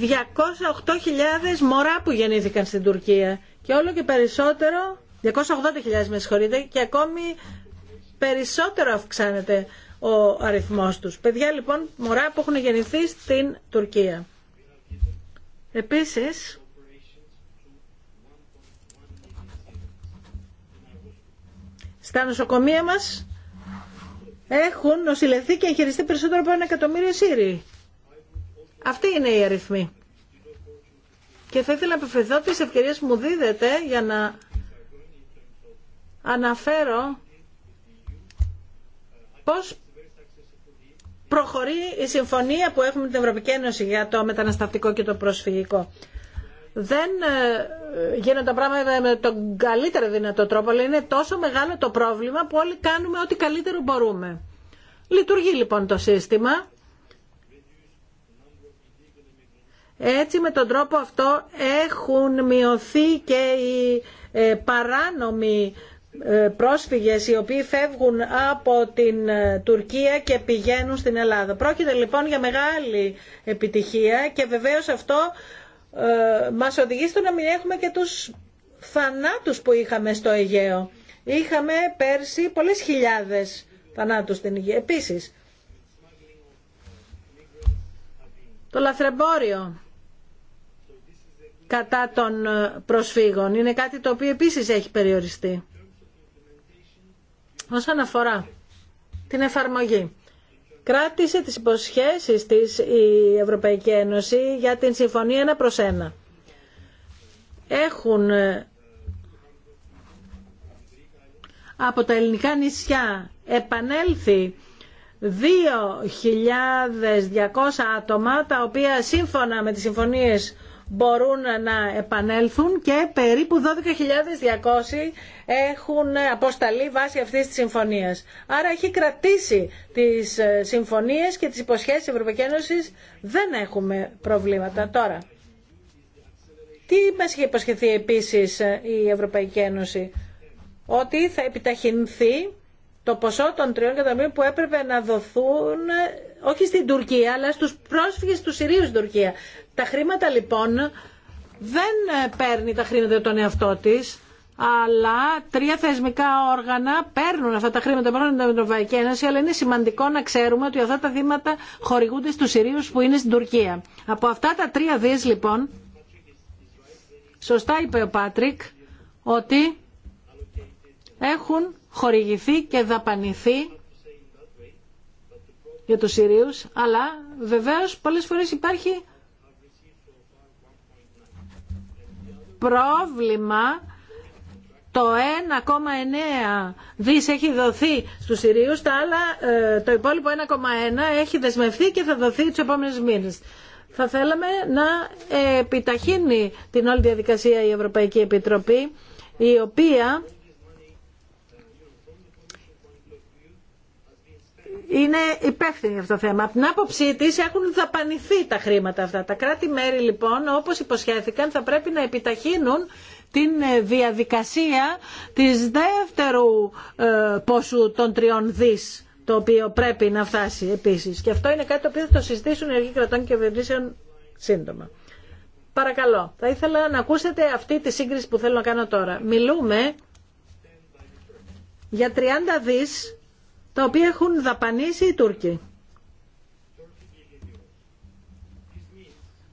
μωρά που γεννήθηκαν στην Τουρκία και όλο και περισσότερο 280.000 με συγχωρείτε και ακόμη περισσότερο αυξάνεται ο αριθμός τους. Παιδιά λοιπόν, μωρά που έχουν γεννηθεί στην Τουρκία. Επίσης, στα νοσοκομεία μας έχουν νοσηλευθεί και εγχειριστεί περισσότερο από ένα εκατομμύριο Σύριοι. Αυτή είναι η αριθμή. Και θα ήθελα να επιφερθώ τις ευκαιρίες που μου δίδεται για να αναφέρω πώς προχωρεί η συμφωνία που έχουμε με την Ευρωπαϊκή Ένωση για το μεταναστατικό και το προσφυγικό. Δεν ε, γίνονται πράγματα με τον καλύτερο δυνατό τρόπο, αλλά είναι τόσο μεγάλο το πρόβλημα που όλοι κάνουμε ό,τι καλύτερο μπορούμε. Λειτουργεί λοιπόν το σύστημα. Έτσι με τον τρόπο αυτό έχουν μειωθεί και οι ε, παράνομοι ε, πρόσφυγες οι οποίοι φεύγουν από την ε, Τουρκία και πηγαίνουν στην Ελλάδα. Πρόκειται λοιπόν για μεγάλη επιτυχία και βεβαίως αυτό ε, μας οδηγεί στο να μην έχουμε και τους θανάτους που είχαμε στο Αιγαίο. Είχαμε πέρσι πολλές χιλιάδες θανάτους στην Αιγαίο. Επίσης, το λαθρεμπόριο κατά των προσφύγων είναι κάτι το οποίο επίσης έχει περιοριστεί. Όσον αφορά την εφαρμογή. Κράτησε τις υποσχέσεις της η Ευρωπαϊκή Ένωση για την συμφωνία ένα προς ένα. Έχουν ε, από τα ελληνικά νησιά επανέλθει 2.200 άτομα τα οποία σύμφωνα με τις συμφωνίες μπορούν να επανέλθουν και περίπου 12.200 έχουν αποσταλεί βάσει αυτής της συμφωνίας. Άρα έχει κρατήσει τις ε, συμφωνίες και τις υποσχέσεις της Ευρωπαϊκής Ένωσης. Δεν έχουμε προβλήματα τώρα. Τι μας είχε υποσχεθεί επίσης ε, η Ευρωπαϊκή Ένωση. Ότι θα επιταχυνθεί το ποσό των τριών εκατομμύριων που έπρεπε να δοθούν όχι στην Τουρκία, αλλά στους πρόσφυγες του Συρίου στην Τουρκία. Τα χρήματα λοιπόν δεν ε, παίρνει τα χρήματα τον εαυτό της, αλλά τρία θεσμικά όργανα παίρνουν αυτά τα χρήματα πάνω από την Ευρωπαϊκή Ένωση, αλλά είναι σημαντικό να ξέρουμε ότι αυτά τα δήματα χορηγούνται στους Συρίους που είναι στην Τουρκία. Από αυτά τα τρία δις λοιπόν, σωστά είπε ο Πάτρικ, ότι έχουν χορηγηθεί και δαπανηθεί για τους Συρίους, αλλά βεβαίως πολλές φορές υπάρχει πρόβλημα το 1,9 δις έχει δοθεί στους Συρίους, τα άλλα, ε, το υπόλοιπο 1,1 έχει δεσμευθεί και θα δοθεί τους επόμενους μήνες. Θα θέλαμε να επιταχύνει την όλη διαδικασία η Ευρωπαϊκή Επιτροπή, η οποία είναι υπεύθυνη για αυτό το θέμα. Από την άποψή τη έχουν δαπανηθεί τα χρήματα αυτά. Τα κράτη-μέρη λοιπόν, όπω υποσχέθηκαν, θα πρέπει να επιταχύνουν την ε, διαδικασία της δεύτερου ε, ποσού των τριών δις το οποίο πρέπει να φτάσει επίσης. Και αυτό είναι κάτι το οποίο θα το συζητήσουν οι εργοί κρατών και κυβερνήσεων σύντομα. Παρακαλώ, θα ήθελα να ακούσετε αυτή τη σύγκριση που θέλω να κάνω τώρα. Μιλούμε για 30 δις τα οποία έχουν δαπανίσει οι Τούρκοι.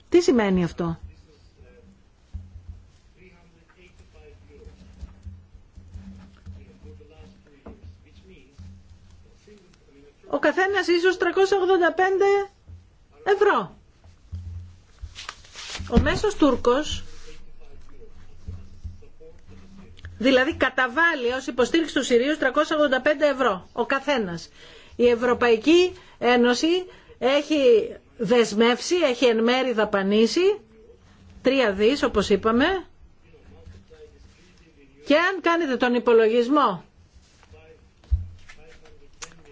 Τι σημαίνει αυτό. Ο καθένας ίσως 385 ευρώ. Ο μέσος Τούρκος Δηλαδή καταβάλει ως υποστήριξη του Συρίου 385 ευρώ ο καθένας. Η Ευρωπαϊκή Ένωση έχει δεσμεύσει, έχει εν μέρη δαπανίσει, τρία δις όπως είπαμε, και αν κάνετε τον υπολογισμό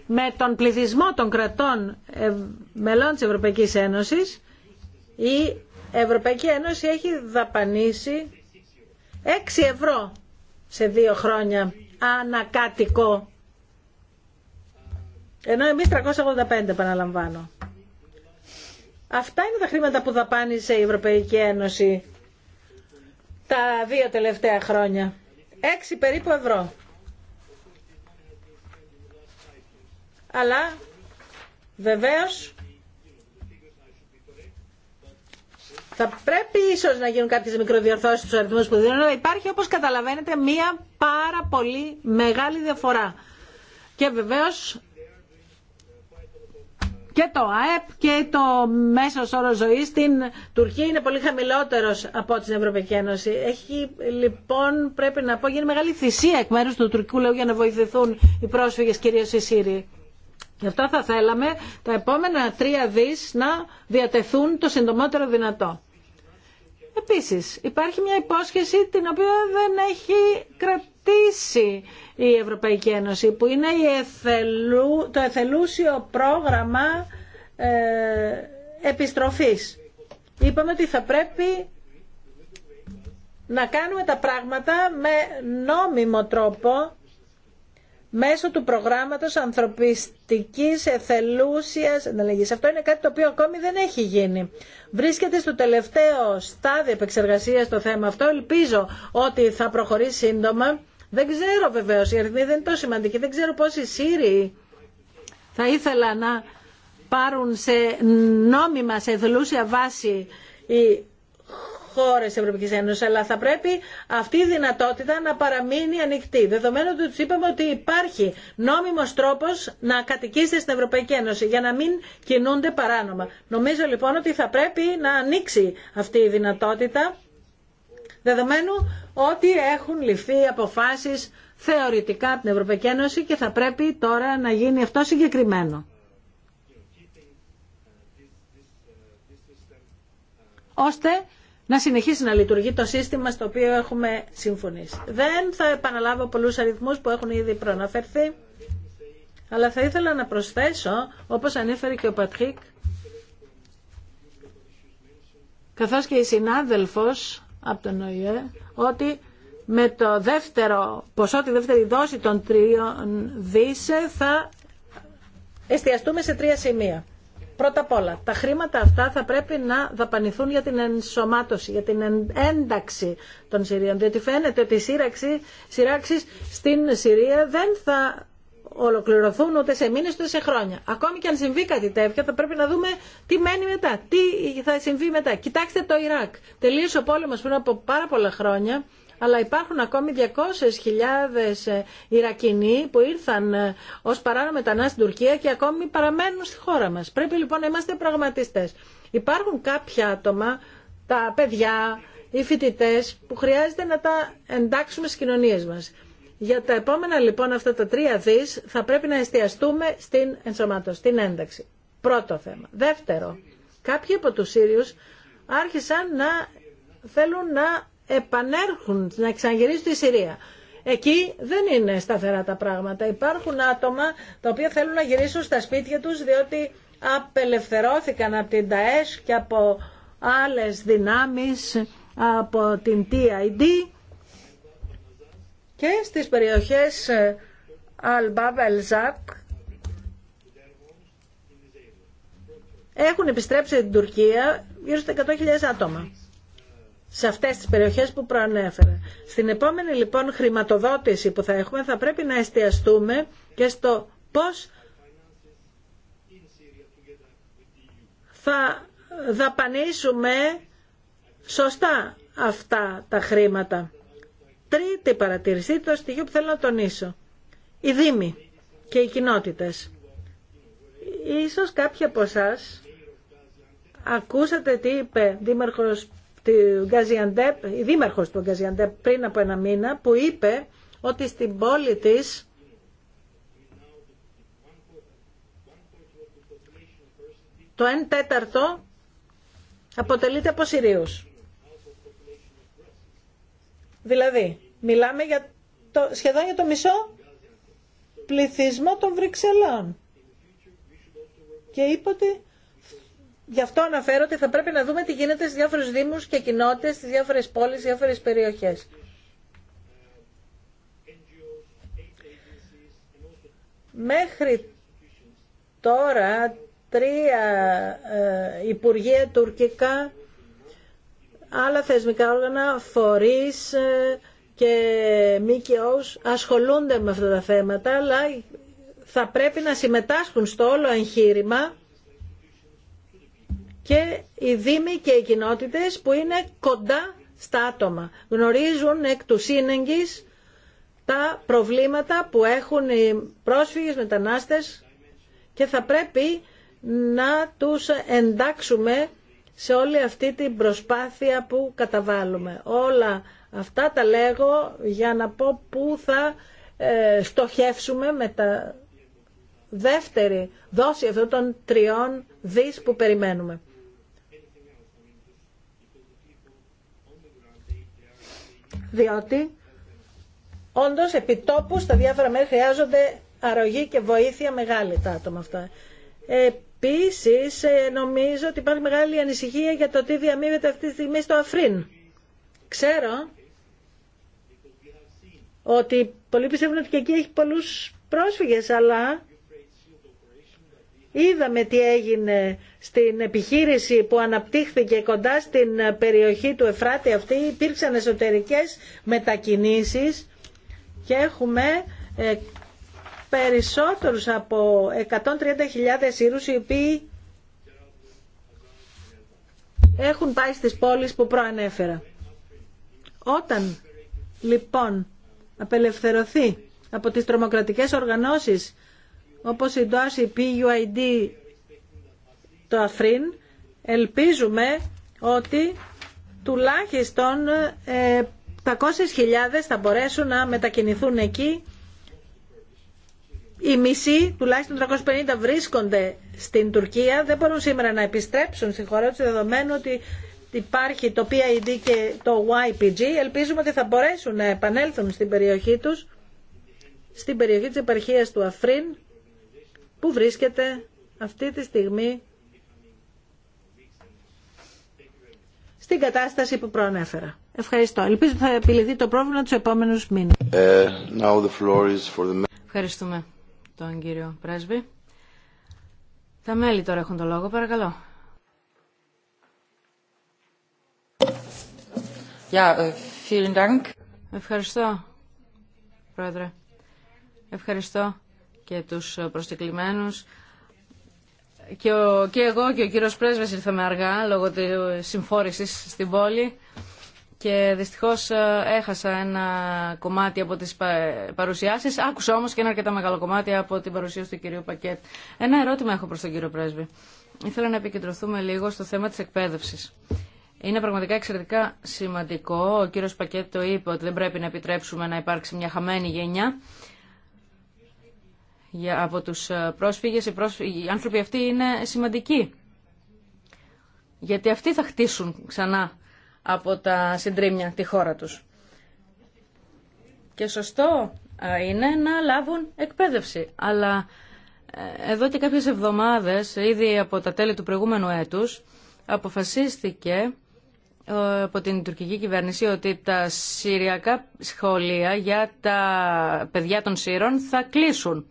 με τον πληθυσμό των κρατών ε, μελών της Ευρωπαϊκής Ένωσης, η Ευρωπαϊκή Ένωση έχει δαπανίσει 6 ευρώ σε δύο χρόνια ανακάτοικο. Ενώ εμεί 385 επαναλαμβάνω. Αυτά είναι τα χρήματα που δαπάνησε η Ευρωπαϊκή Ένωση τα δύο τελευταία χρόνια. Έξι περίπου ευρώ. Αλλά βεβαίως Θα πρέπει ίσω να γίνουν κάποιε μικροδιορθώσει στου αριθμού που δίνουν, αλλά υπάρχει όπω καταλαβαίνετε μία πάρα πολύ μεγάλη διαφορά. Και βεβαίω και το ΑΕΠ και το μέσο όρο ζωή στην Τουρκία είναι πολύ χαμηλότερο από την Ευρωπαϊκή Ένωση. Έχει λοιπόν, πρέπει να πω, γίνει μεγάλη θυσία εκ μέρου του τουρκικού λαού για να βοηθηθούν οι πρόσφυγε, κυρίω οι Σύριοι. Γι' αυτό θα θέλαμε τα επόμενα τρία δις να διατεθούν το συντομότερο δυνατό. Επίσης, υπάρχει μια υπόσχεση την οποία δεν έχει κρατήσει η Ευρωπαϊκή Ένωση, που είναι η εθελού, το εθελούσιο πρόγραμμα ε, επιστροφής. Είπαμε ότι θα πρέπει να κάνουμε τα πράγματα με νόμιμο τρόπο μέσω του προγράμματος ανθρωπιστικής εθελούσιας εναλλαγής. Αυτό είναι κάτι το οποίο ακόμη δεν έχει γίνει. Βρίσκεται στο τελευταίο στάδιο επεξεργασίας το θέμα αυτό. Ελπίζω ότι θα προχωρήσει σύντομα. Δεν ξέρω βεβαίως, η αριθμή δεν είναι τόσο σημαντική. Δεν ξέρω πόσοι Σύριοι θα ήθελα να πάρουν σε νόμιμα, σε εθελούσια βάση χώρες της Ευρωπαϊκής Ένωσης, αλλά θα πρέπει αυτή η δυνατότητα να παραμείνει ανοιχτή. Δεδομένου ότι του είπαμε ότι υπάρχει νόμιμος τρόπος να κατοικήσετε στην Ευρωπαϊκή Ένωση για να μην κινούνται παράνομα. Νομίζω λοιπόν ότι θα πρέπει να ανοίξει αυτή η δυνατότητα δεδομένου ότι έχουν ληφθεί αποφάσεις θεωρητικά από την Ευρωπαϊκή Ένωση και θα πρέπει τώρα να γίνει αυτό συγκεκριμένο. ώστε να συνεχίσει να λειτουργεί το σύστημα στο οποίο έχουμε συμφωνήσει. Δεν θα επαναλάβω πολλούς αριθμούς που έχουν ήδη προαναφερθεί, αλλά θα ήθελα να προσθέσω, όπως ανέφερε και ο Πατρίκ, καθώς και η συνάδελφος από τον ΟΗΕ, ότι με το δεύτερο ποσό, τη δεύτερη δόση των τριών δίσε θα εστιαστούμε σε τρία σημεία. Πρώτα απ' όλα, τα χρήματα αυτά θα πρέπει να δαπανηθούν για την ενσωμάτωση, για την ένταξη των Συρίων, διότι φαίνεται ότι οι σειράξει στην Συρία δεν θα ολοκληρωθούν ούτε σε μήνες ούτε σε χρόνια. Ακόμη και αν συμβεί κάτι τέτοιο θα πρέπει να δούμε τι μένει μετά, τι θα συμβεί μετά. Κοιτάξτε το Ιράκ. Τελείωσε ο πόλεμος πριν από πάρα πολλά χρόνια αλλά υπάρχουν ακόμη 200.000 ε, Ιρακινοί που ήρθαν ε, ως παράνομοι μετανάστες στην Τουρκία και ακόμη παραμένουν στη χώρα μας. Πρέπει λοιπόν να είμαστε πραγματιστές. Υπάρχουν κάποια άτομα, τα παιδιά, οι φοιτητέ που χρειάζεται να τα εντάξουμε στις κοινωνίες μας. Για τα επόμενα λοιπόν αυτά τα τρία δις θα πρέπει να εστιαστούμε στην ενσωμάτωση, στην ένταξη. Πρώτο θέμα. Δεύτερο, κάποιοι από τους Σύριους άρχισαν να θέλουν να επανέρχουν, να ξαναγυρίσουν τη Συρία. Εκεί δεν είναι σταθερά τα πράγματα. Υπάρχουν άτομα τα οποία θέλουν να γυρίσουν στα σπίτια τους διότι απελευθερώθηκαν από την ΤΑΕΣ και από άλλες δυνάμεις από την TID και στις περιοχές Αλμπάβ ε, έχουν επιστρέψει στην Τουρκία γύρω στα 100.000 άτομα σε αυτές τις περιοχές που προανέφερα. Στην επόμενη λοιπόν χρηματοδότηση που θα έχουμε θα πρέπει να εστιαστούμε και στο πώς θα δαπανίσουμε σωστά αυτά τα χρήματα. Τρίτη παρατηρησή, το στοιχείο που θέλω να τονίσω. Οι Δήμοι και οι κοινότητες. Ίσως κάποιοι από εσά ακούσατε τι είπε δήμαρχος Γκαζιαντέπ, η δήμαρχος του Γκαζιαντέπ πριν από ένα μήνα που είπε ότι στην πόλη της το 1 τέταρτο αποτελείται από Συρίους. Δηλαδή, μιλάμε για σχεδόν για το μισό πληθυσμό των Βρυξελών. Και είπε ότι Γι' αυτό αναφέρω ότι θα πρέπει να δούμε τι γίνεται στις διάφορες Δήμου και κοινότητε στι διάφορες πόλεις, στι διάφορες περιοχές. Μέχρι τώρα τρία ε, υπουργεία τουρκικά, άλλα θεσμικά όργανα, φορείς ε, και ΜΚΟs ασχολούνται με αυτά τα θέματα, αλλά θα πρέπει να συμμετάσχουν στο όλο εγχείρημα και οι δήμοι και οι κοινότητες που είναι κοντά στα άτομα. Γνωρίζουν εκ του σύνεγγυς τα προβλήματα που έχουν οι πρόσφυγες μετανάστες και θα πρέπει να τους εντάξουμε σε όλη αυτή την προσπάθεια που καταβάλουμε. Όλα αυτά τα λέγω για να πω πού θα ε, στοχεύσουμε με τα δεύτερη δόση αυτών των τριών δις που περιμένουμε. διότι όντως επιτόπου στα διάφορα μέρη χρειάζονται αρρωγή και βοήθεια μεγάλη τα άτομα αυτά. Επίση ε, νομίζω ότι υπάρχει μεγάλη ανησυχία για το τι διαμείβεται αυτή τη στιγμή στο Αφρίν. Ξέρω ότι πολλοί πιστεύουν ότι και εκεί έχει πολλούς πρόσφυγες, αλλά είδαμε τι έγινε στην επιχείρηση που αναπτύχθηκε κοντά στην περιοχή του Εφράτη αυτή υπήρξαν εσωτερικές μετακινήσεις και έχουμε ε, περισσότερους από 130.000 Σύρους οι οποίοι έχουν πάει στις πόλεις που προανέφερα. Όταν λοιπόν απελευθερωθεί από τις τρομοκρατικές οργανώσεις όπως η DOS, η PUID το Αφρίν, ελπίζουμε ότι τουλάχιστον 300.000 ε, θα μπορέσουν να μετακινηθούν εκεί. Οι μισοί, τουλάχιστον 350, βρίσκονται στην Τουρκία. Δεν μπορούν σήμερα να επιστρέψουν στη χώρα τους, δεδομένου ότι υπάρχει το PID και το YPG. Ελπίζουμε ότι θα μπορέσουν να επανέλθουν στην περιοχή τους, στην περιοχή της επαρχίας του Αφρίν, που βρίσκεται αυτή τη στιγμή στην κατάσταση που προανέφερα. Ευχαριστώ. Ελπίζω ότι θα επιληθεί το πρόβλημα του επόμενου μήνες. Ε, the Ευχαριστούμε τον κύριο Πρέσβη. Τα μέλη τώρα έχουν το λόγο, παρακαλώ. Ja ε, vielen Dank. Ευχαριστώ, Πρόεδρε. Ευχαριστώ και τους προσκεκλημένους και, εγώ και ο κύριος Πρέσβης ήρθαμε αργά λόγω της συμφόρησης στην πόλη και δυστυχώς ε, έχασα ένα κομμάτι από τις παρουσιάσεις. Άκουσα όμως και ένα αρκετά μεγάλο κομμάτι από την παρουσίαση του κυρίου Πακέτ. Ένα ερώτημα έχω προς τον κύριο Πρέσβη. Ήθελα να επικεντρωθούμε λίγο στο θέμα της εκπαίδευσης. Είναι πραγματικά εξαιρετικά σημαντικό. Ο κύριος Πακέτ το είπε ότι δεν πρέπει να επιτρέψουμε να υπάρξει μια χαμένη γενιά για, από τους ε, πρόσφυγες. Οι, πρόσφυγες, οι άνθρωποι αυτοί είναι σημαντικοί. Γιατί αυτοί θα χτίσουν ξανά από τα συντρίμια τη χώρα τους. Και σωστό ε, είναι να λάβουν εκπαίδευση. Αλλά ε, εδώ και κάποιες εβδομάδες, ήδη από τα τέλη του προηγούμενου έτους, αποφασίστηκε από την τουρκική κυβέρνηση ότι τα συριακά σχολεία για τα παιδιά των Σύρων θα κλείσουν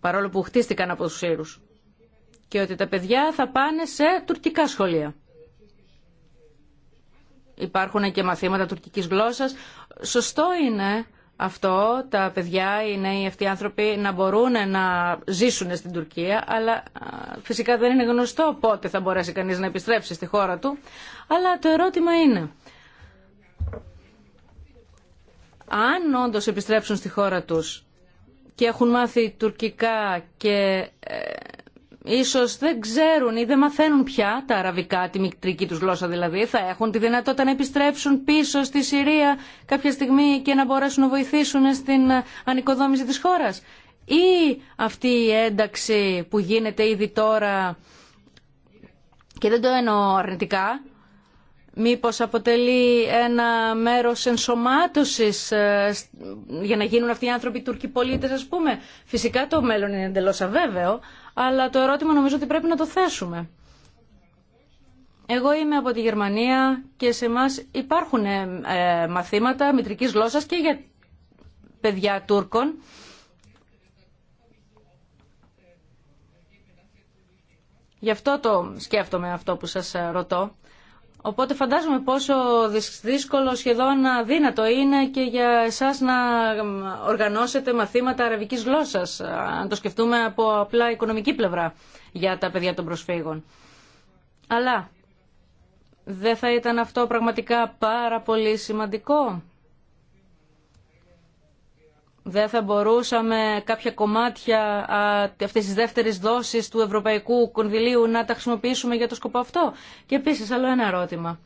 παρόλο που χτίστηκαν από τους Σύρους και ότι τα παιδιά θα πάνε σε τουρκικά σχολεία. Υπάρχουν και μαθήματα τουρκικής γλώσσας. Σωστό είναι αυτό, τα παιδιά οι νέοι αυτοί οι άνθρωποι να μπορούν να ζήσουν στην Τουρκία, αλλά φυσικά δεν είναι γνωστό πότε θα μπορέσει κανείς να επιστρέψει στη χώρα του. Αλλά το ερώτημα είναι, αν όντως επιστρέψουν στη χώρα τους, και έχουν μάθει τουρκικά και ε, ίσως δεν ξέρουν ή δεν μαθαίνουν πια τα αραβικά, τη μικτρική τους γλώσσα δηλαδή, θα έχουν τη δυνατότητα να επιστρέψουν πίσω στη Συρία κάποια στιγμή και να μπορέσουν να βοηθήσουν στην ε, ανοικοδόμηση της χώρας. Ή αυτή η ένταξη που γίνεται ήδη τώρα, και δεν το εννοώ αρνητικά, Μήπως αποτελεί ένα μέρος ενσωμάτωσης ε, για να γίνουν αυτοί οι άνθρωποι Τούρκοι πολίτες ας πούμε. Φυσικά το μέλλον είναι εντελώς αβέβαιο, αλλά το ερώτημα νομίζω ότι πρέπει να το θέσουμε. Εγώ είμαι από τη Γερμανία και σε εμά υπάρχουν ε, ε, μαθήματα μητρικής γλώσσας και για παιδιά Τούρκων. Γι' αυτό το σκέφτομαι αυτό που σας ρωτώ. Οπότε φαντάζομαι πόσο δύσκολο, σχεδόν αδύνατο είναι και για εσάς να οργανώσετε μαθήματα αραβικής γλώσσας, αν το σκεφτούμε από απλά οικονομική πλευρά για τα παιδιά των προσφύγων. Αλλά δεν θα ήταν αυτό πραγματικά πάρα πολύ σημαντικό δεν θα μπορούσαμε κάποια κομμάτια αυτή τη δεύτερη δόση του Ευρωπαϊκού Κονδυλίου να τα χρησιμοποιήσουμε για το σκοπό αυτό. Και επίση άλλο ένα ερώτημα.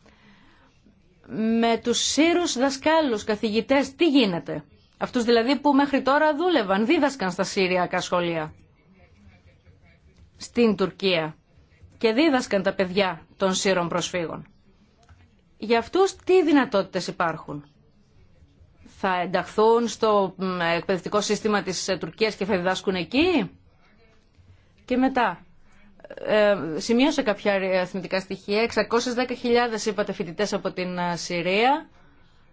Με τους σύρους δασκάλου καθηγητέ, τι γίνεται. Αυτούς δηλαδή που μέχρι τώρα δούλευαν, δίδασκαν στα σύριακα σχολεία στην Τουρκία και δίδασκαν τα παιδιά των σύρων προσφύγων. Για αυτούς τι δυνατότητες υπάρχουν θα ενταχθούν στο εκπαιδευτικό σύστημα της ε, Τουρκίας και θα διδάσκουν εκεί. Και μετά, ε, σημείωσε κάποια αριθμητικά στοιχεία. 610.000 είπατε φοιτητές από την ε, Συρία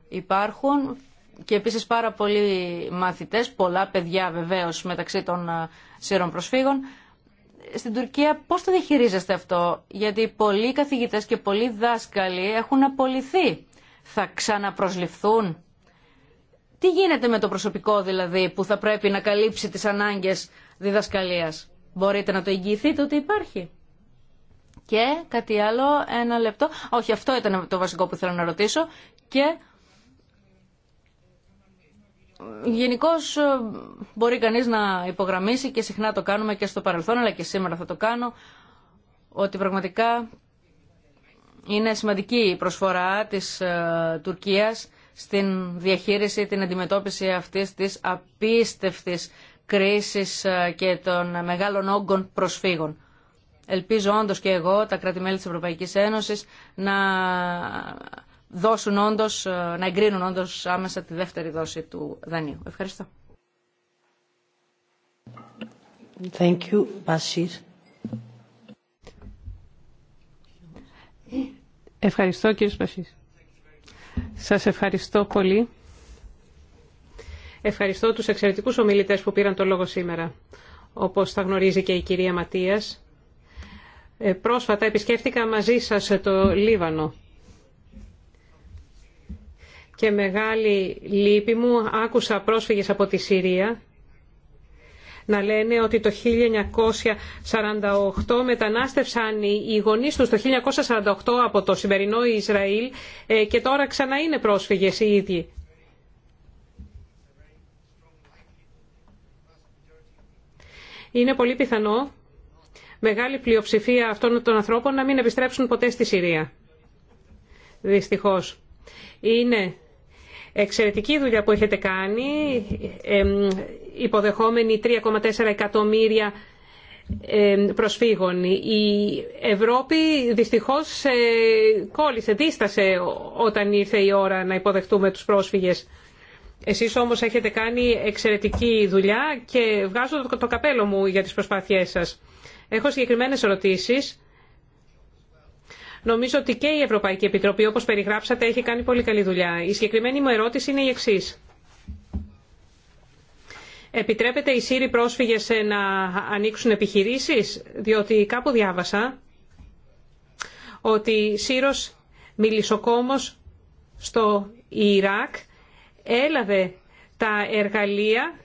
υπάρχουν και επίσης πάρα πολλοί μαθητές, πολλά παιδιά βεβαίως μεταξύ των ε, Σύρων προσφύγων. Στην Τουρκία πώς το διαχειρίζεστε αυτό, γιατί πολλοί καθηγητές και πολλοί δάσκαλοι έχουν απολυθεί. Θα ξαναπροσληφθούν τι γίνεται με το προσωπικό δηλαδή που θα πρέπει να καλύψει τις ανάγκες διδασκαλίας. Μπορείτε να το εγγυηθείτε ότι υπάρχει. Και κάτι άλλο, ένα λεπτό. Όχι, αυτό ήταν το βασικό που θέλω να ρωτήσω. Και γενικώ ε, μπορεί κανείς να υπογραμμίσει και συχνά το κάνουμε και στο παρελθόν, αλλά και σήμερα θα το κάνω, ότι πραγματικά είναι σημαντική η προσφορά της ε, Τουρκίας στην διαχείριση, την αντιμετώπιση αυτής της απίστευτης κρίσης ε, και των μεγάλων όγκων προσφύγων. Ελπίζω όντως και εγώ τα κράτη-μέλη της Ευρωπαϊκής Ένωσης να δώσουν όντως, ε, να εγκρίνουν όντως άμεσα τη δεύτερη δόση του δανείου. Ευχαριστώ. Thank you, Ευχαριστώ κύριε Σπασίς. Σας ευχαριστώ πολύ. Ευχαριστώ τους εξαιρετικούς ομιλητές που πήραν το λόγο σήμερα. Όπως θα γνωρίζει και η κυρία Ματίας, ε, πρόσφατα επισκέφτηκα μαζί σας το Λίβανο. Και μεγάλη λύπη μου άκουσα πρόσφυγες από τη Συρία να λένε ότι το 1948 μετανάστευσαν οι γονείς τους το 1948 από το σημερινό Ισραήλ ε, και τώρα ξανά είναι πρόσφυγες οι ίδιοι. Είναι πολύ πιθανό μεγάλη πλειοψηφία αυτών των ανθρώπων να μην επιστρέψουν ποτέ στη Συρία. Δυστυχώς. Είναι εξαιρετική δουλειά που έχετε κάνει υποδεχόμενοι 3,4 εκατομμύρια ε, προσφύγων. Η Ευρώπη δυστυχώς ε, κόλλησε, δίστασε όταν ήρθε η ώρα να υποδεχτούμε τους πρόσφυγες. Εσείς όμως έχετε κάνει εξαιρετική δουλειά και βγάζω το καπέλο μου για τις προσπάθειές σας. Έχω συγκεκριμένες ερωτήσεις. Νομίζω ότι και η Ευρωπαϊκή Επιτροπή, όπως περιγράψατε, έχει κάνει πολύ καλή δουλειά. Η συγκεκριμένη μου ερώτηση είναι η εξής. Επιτρέπεται οι Σύριοι πρόσφυγες ε, να ανοίξουν επιχειρήσεις, διότι κάπου διάβασα ότι Σύρος Μιλισοκόμος στο Ιράκ έλαβε τα εργαλεία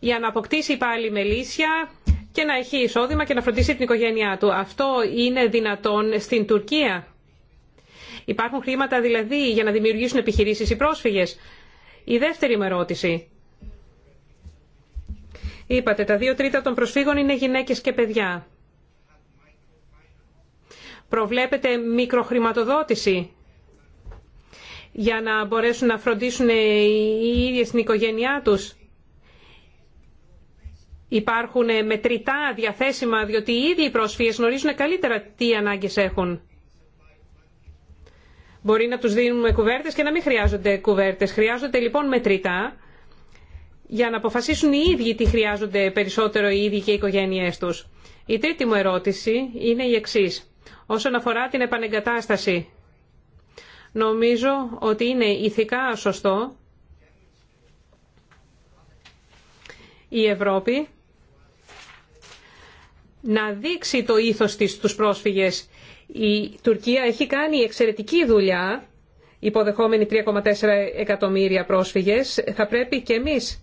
για να αποκτήσει πάλι μελίσια και να έχει εισόδημα και να φροντίσει την οικογένειά του. Αυτό είναι δυνατόν στην Τουρκία. Υπάρχουν χρήματα δηλαδή για να δημιουργήσουν επιχειρήσεις οι πρόσφυγες. Η δεύτερη μου ερώτηση. Είπατε, τα δύο τρίτα των προσφύγων είναι γυναίκες και παιδιά. Προβλέπετε μικροχρηματοδότηση για να μπορέσουν να φροντίσουν οι ίδιες την οικογένειά τους. Υπάρχουν μετρητά διαθέσιμα, διότι οι ίδιοι οι πρόσφυγες γνωρίζουν καλύτερα τι ανάγκες έχουν. Μπορεί να τους δίνουμε κουβέρτες και να μην χρειάζονται κουβέρτες. Χρειάζονται λοιπόν μετρητά για να αποφασίσουν οι ίδιοι τι χρειάζονται περισσότερο οι ίδιοι και οι οικογένειές τους. Η τρίτη μου ερώτηση είναι η εξής. Όσον αφορά την επανεγκατάσταση, νομίζω ότι είναι ηθικά σωστό η Ευρώπη να δείξει το ήθος της στους πρόσφυγες. Η Τουρκία έχει κάνει εξαιρετική δουλειά, υποδεχόμενη 3,4 εκατομμύρια πρόσφυγες. Θα πρέπει και εμείς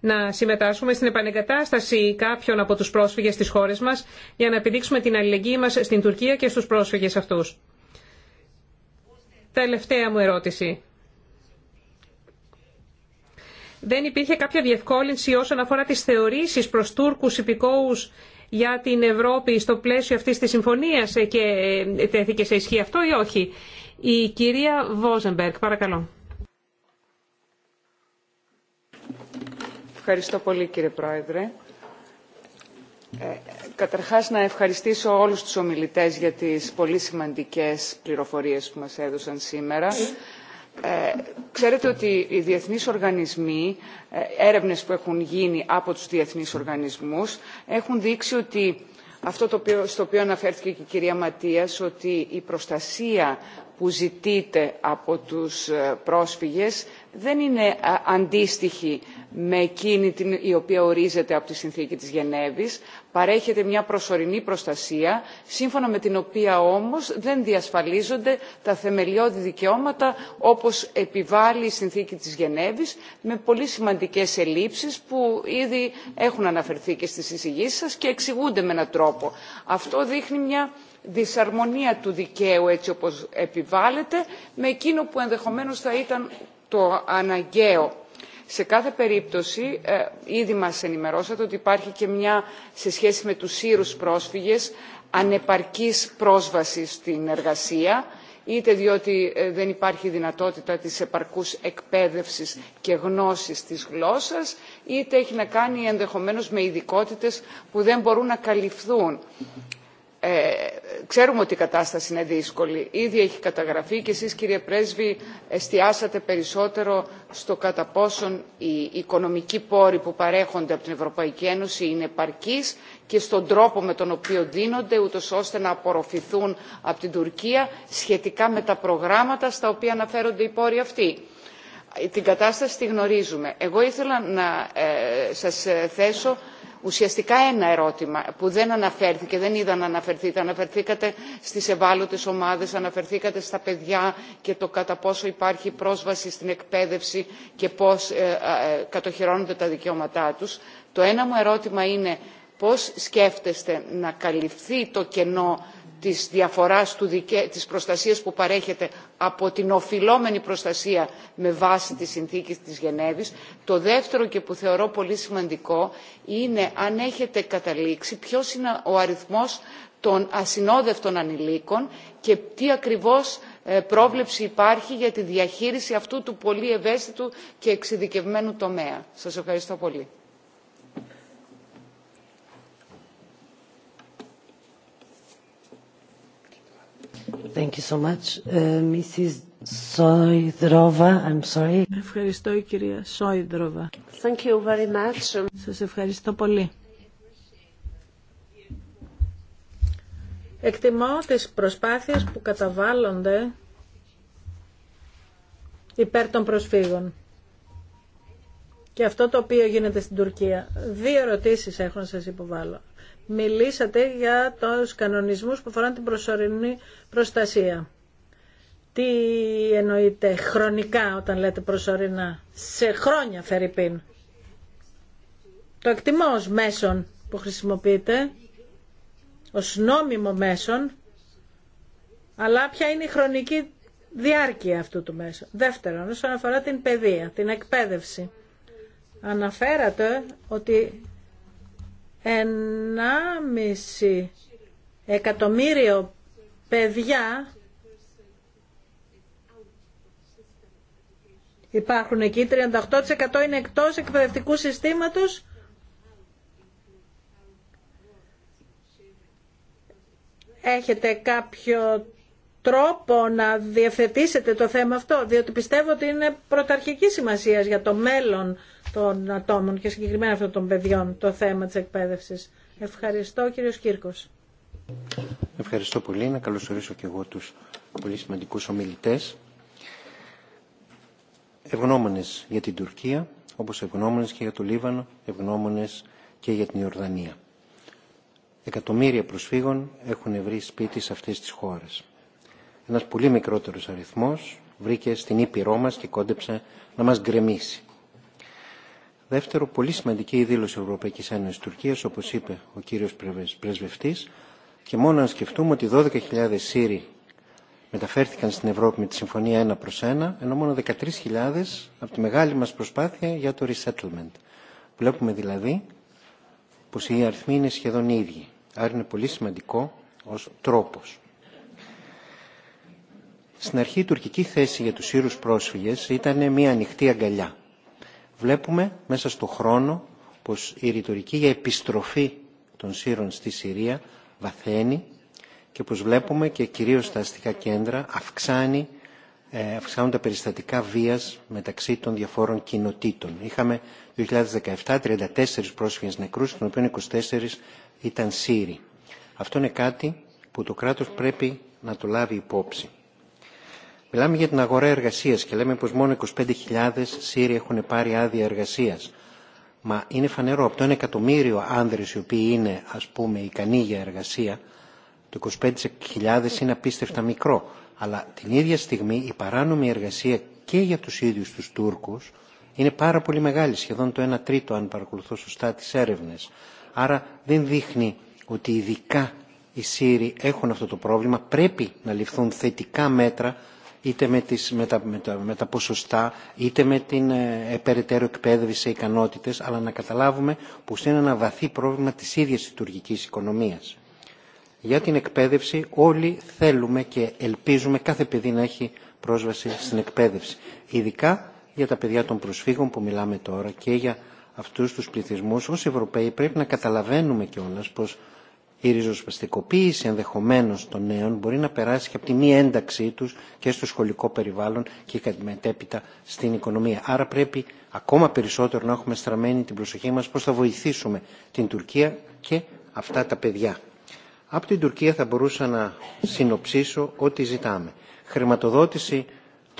να συμμετάσχουμε στην επανεγκατάσταση κάποιων από τους πρόσφυγες στις χώρες μας για να επιδείξουμε την αλληλεγγύη μας στην Τουρκία και στους πρόσφυγες αυτούς. Τελευταία μου ερώτηση. Δεν υπήρχε κάποια διευκόλυνση όσον αφορά τις θεωρήσεις προς Τούρκους υπηκόους για την Ευρώπη στο πλαίσιο αυτής της συμφωνίας και τέθηκε σε ισχύ αυτό ή όχι. Η κυρία Βόζεμπεργκ, παρακαλώ. Ευχαριστώ πολύ κύριε Πρόεδρε. Ε, καταρχάς να ευχαριστήσω όλους τους ομιλητές για τις πολύ σημαντικές πληροφορίες που μας έδωσαν σήμερα. Ε, ξέρετε ότι οι διεθνείς οργανισμοί, ε, έρευνες που έχουν γίνει από τους διεθνείς οργανισμούς, έχουν δείξει ότι αυτό το οποίο, στο οποίο αναφέρθηκε και η κυρία Ματίας, ότι η προστασία που ζητείται από τους πρόσφυγες δεν είναι ε, αντίστοιχη με εκείνη την, η οποία ορίζεται από τη συνθήκη της Γενέβης, παρέχεται μια προσωρινή προστασία, σύμφωνα με την οποία όμως δεν διασφαλίζονται τα θεμελιώδη δικαιώματα όπως επιβάλλει η συνθήκη της Γενέβης, με πολύ σημαντικές ελλείψεις που ήδη έχουν αναφερθεί και στις εισηγήσεις σας και εξηγούνται με έναν τρόπο. Αυτό δείχνει μια δυσαρμονία του δικαίου έτσι όπως επιβάλλεται με εκείνο που ενδεχομένως θα ήταν το αναγκαίο. Σε κάθε περίπτωση, ε, ήδη μας ενημερώσατε ότι υπάρχει και μια, σε σχέση με τους σύρους πρόσφυγες, ανεπαρκής πρόσβαση στην εργασία, είτε διότι ε, δεν υπάρχει δυνατότητα της επαρκούς εκπαίδευσης και γνώσης της γλώσσας, είτε έχει να κάνει ενδεχομένως με ειδικότητε που δεν μπορούν να καλυφθούν. Ε, ξέρουμε ότι η κατάσταση είναι δύσκολη. Ήδη έχει καταγραφεί και εσείς κύριε Πρέσβη εστιάσατε περισσότερο στο κατά πόσον οι οικονομικοί πόροι που παρέχονται από την Ευρωπαϊκή Ένωση είναι επαρκείς και στον τρόπο με τον οποίο δίνονται ούτως ώστε να απορροφηθούν από την Τουρκία σχετικά με τα προγράμματα στα οποία αναφέρονται οι πόροι αυτοί. Ε, την κατάσταση τη γνωρίζουμε. Εγώ ήθελα να ε, σας θέσω ουσιαστικά ένα ερώτημα που δεν αναφέρθηκε, δεν είδα να αναφερθείτε. Αναφερθήκατε στις ευάλωτες ομάδες, αναφερθήκατε στα παιδιά και το κατά πόσο υπάρχει πρόσβαση στην εκπαίδευση και πώς ε, ε, κατοχυρώνονται τα δικαιώματά τους. Το ένα μου ερώτημα είναι πώς σκέφτεστε να καλυφθεί το κενό της διαφοράς του προστασία της προστασίας που παρέχεται από την οφειλόμενη προστασία με βάση τις συνθήκες της Γενέβης. Το δεύτερο και που θεωρώ πολύ σημαντικό είναι αν έχετε καταλήξει ποιος είναι ο αριθμός των ασυνόδευτων ανηλίκων και τι ακριβώς ε, πρόβλεψη υπάρχει για τη διαχείριση αυτού του πολύ ευαίσθητου και εξειδικευμένου τομέα. Σας ευχαριστώ πολύ. Thank you so much. Uh, Mrs. I'm sorry. Ευχαριστώ η κυρία Σόιντροβα. Thank you very much. Σας ευχαριστώ πολύ. Εκτιμώ τις προσπάθειες που καταβάλλονται υπέρ των προσφύγων. Και αυτό το οποίο γίνεται στην Τουρκία. Δύο ερωτήσεις έχω να σας υποβάλω μιλήσατε για τους κανονισμούς που αφορούν την προσωρινή προστασία. Τι εννοείτε χρονικά όταν λέτε προσωρινά. Σε χρόνια Φερρυπίν. Το εκτιμώ ως μέσον που χρησιμοποιείτε, ως νόμιμο μέσον, αλλά ποια είναι η χρονική διάρκεια αυτού του μέσου. Δεύτερον, όσον αφορά την παιδεία, την εκπαίδευση. Αναφέρατε ότι 1,5 εκατομμύριο παιδιά υπάρχουν εκεί. 38% είναι εκτός εκπαιδευτικού συστήματος. Έχετε κάποιο τρόπο να διευθετήσετε το θέμα αυτό, διότι πιστεύω ότι είναι πρωταρχική σημασία για το μέλλον των ατόμων και συγκεκριμένα αυτών των παιδιών το θέμα της εκπαίδευσης. Ευχαριστώ κύριος Κύρκος. Ευχαριστώ πολύ. Να καλωσορίσω και εγώ τους πολύ σημαντικούς ομιλητές. Ευγνώμονες για την Τουρκία, όπως ευγνώμονες και για το Λίβανο, ευγνώμονες και για την Ιορδανία. Εκατομμύρια προσφύγων έχουν βρει σπίτι σε αυτές τις χώρες ένας πολύ μικρότερος αριθμός βρήκε στην Ήπειρό μας και κόντεψε να μας γκρεμίσει. Δεύτερο, πολύ σημαντική η δήλωση Ευρωπαϊκής Ένωσης Τουρκίας, όπως είπε ο κύριος πρεσβευτής, και μόνο να σκεφτούμε ότι 12.000 Σύριοι μεταφέρθηκαν στην Ευρώπη με τη συμφωνία 1 προς 1, ενώ μόνο 13.000 από τη μεγάλη μας προσπάθεια για το resettlement. Βλέπουμε δηλαδή πως οι αριθμοί είναι σχεδόν ίδιοι. Άρα είναι πολύ σημαντικό ως τρόπος. Στην αρχή η τουρκική θέση για τους Σύρους πρόσφυγες ήταν μια ανοιχτή αγκαλιά. Βλέπουμε μέσα στο χρόνο πως η ρητορική για επιστροφή των Σύρων στη Συρία βαθαίνει και πως βλέπουμε και κυρίως στα αστικά κέντρα αυξάνει, ε, αυξάνουν τα περιστατικά βίας μεταξύ των διαφόρων κοινοτήτων. Είχαμε 2017 34 πρόσφυγες νεκρούς, των οποίων 24 ήταν Σύροι. Αυτό είναι κάτι που το κράτος πρέπει να το λάβει υπόψη. Μιλάμε για την αγορά εργασία. και λέμε πω μόνο 25.000 Σύριοι έχουν πάρει άδεια εργασία, Μα είναι φανερό από το 1 εκατομμύριο άνδρε οι οποίοι είναι α πούμε ικανοί για εργασία, το 25.000 είναι απίστευτα μικρό. Αλλά την ίδια στιγμή η παράνομη εργασία και για του ίδιου του Τούρκου είναι πάρα πολύ μεγάλη, σχεδόν το 1 τρίτο αν παρακολουθώ σωστά τι έρευνε. Άρα δεν δείχνει ότι ειδικά οι Σύριοι έχουν αυτό το πρόβλημα, πρέπει να ληφθούν θετικά μέτρα είτε με, τα, με, τα, ποσοστά, είτε με την ε, ε, περαιτέρω εκπαίδευση σε ικανότητες, αλλά να καταλάβουμε πως είναι ένα βαθύ πρόβλημα της ίδιας λειτουργικής οικονομίας. Για την εκπαίδευση όλοι θέλουμε και ελπίζουμε κάθε παιδί να έχει πρόσβαση στην εκπαίδευση. Ειδικά για τα παιδιά των προσφύγων που μιλάμε τώρα και για αυτούς τους πληθυσμούς ως Ευρωπαίοι πρέπει να καταλαβαίνουμε κιόλας πως η ριζοσπαστικοποίηση ενδεχομένω των νέων μπορεί να περάσει και από τη μη ένταξή του και στο σχολικό περιβάλλον και μετέπειτα στην οικονομία. Άρα πρέπει ακόμα περισσότερο να έχουμε στραμμένη την προσοχή μα πώ θα βοηθήσουμε την Τουρκία και αυτά τα παιδιά. Από την Τουρκία θα μπορούσα να συνοψίσω ό,τι ζητάμε. Χρηματοδότηση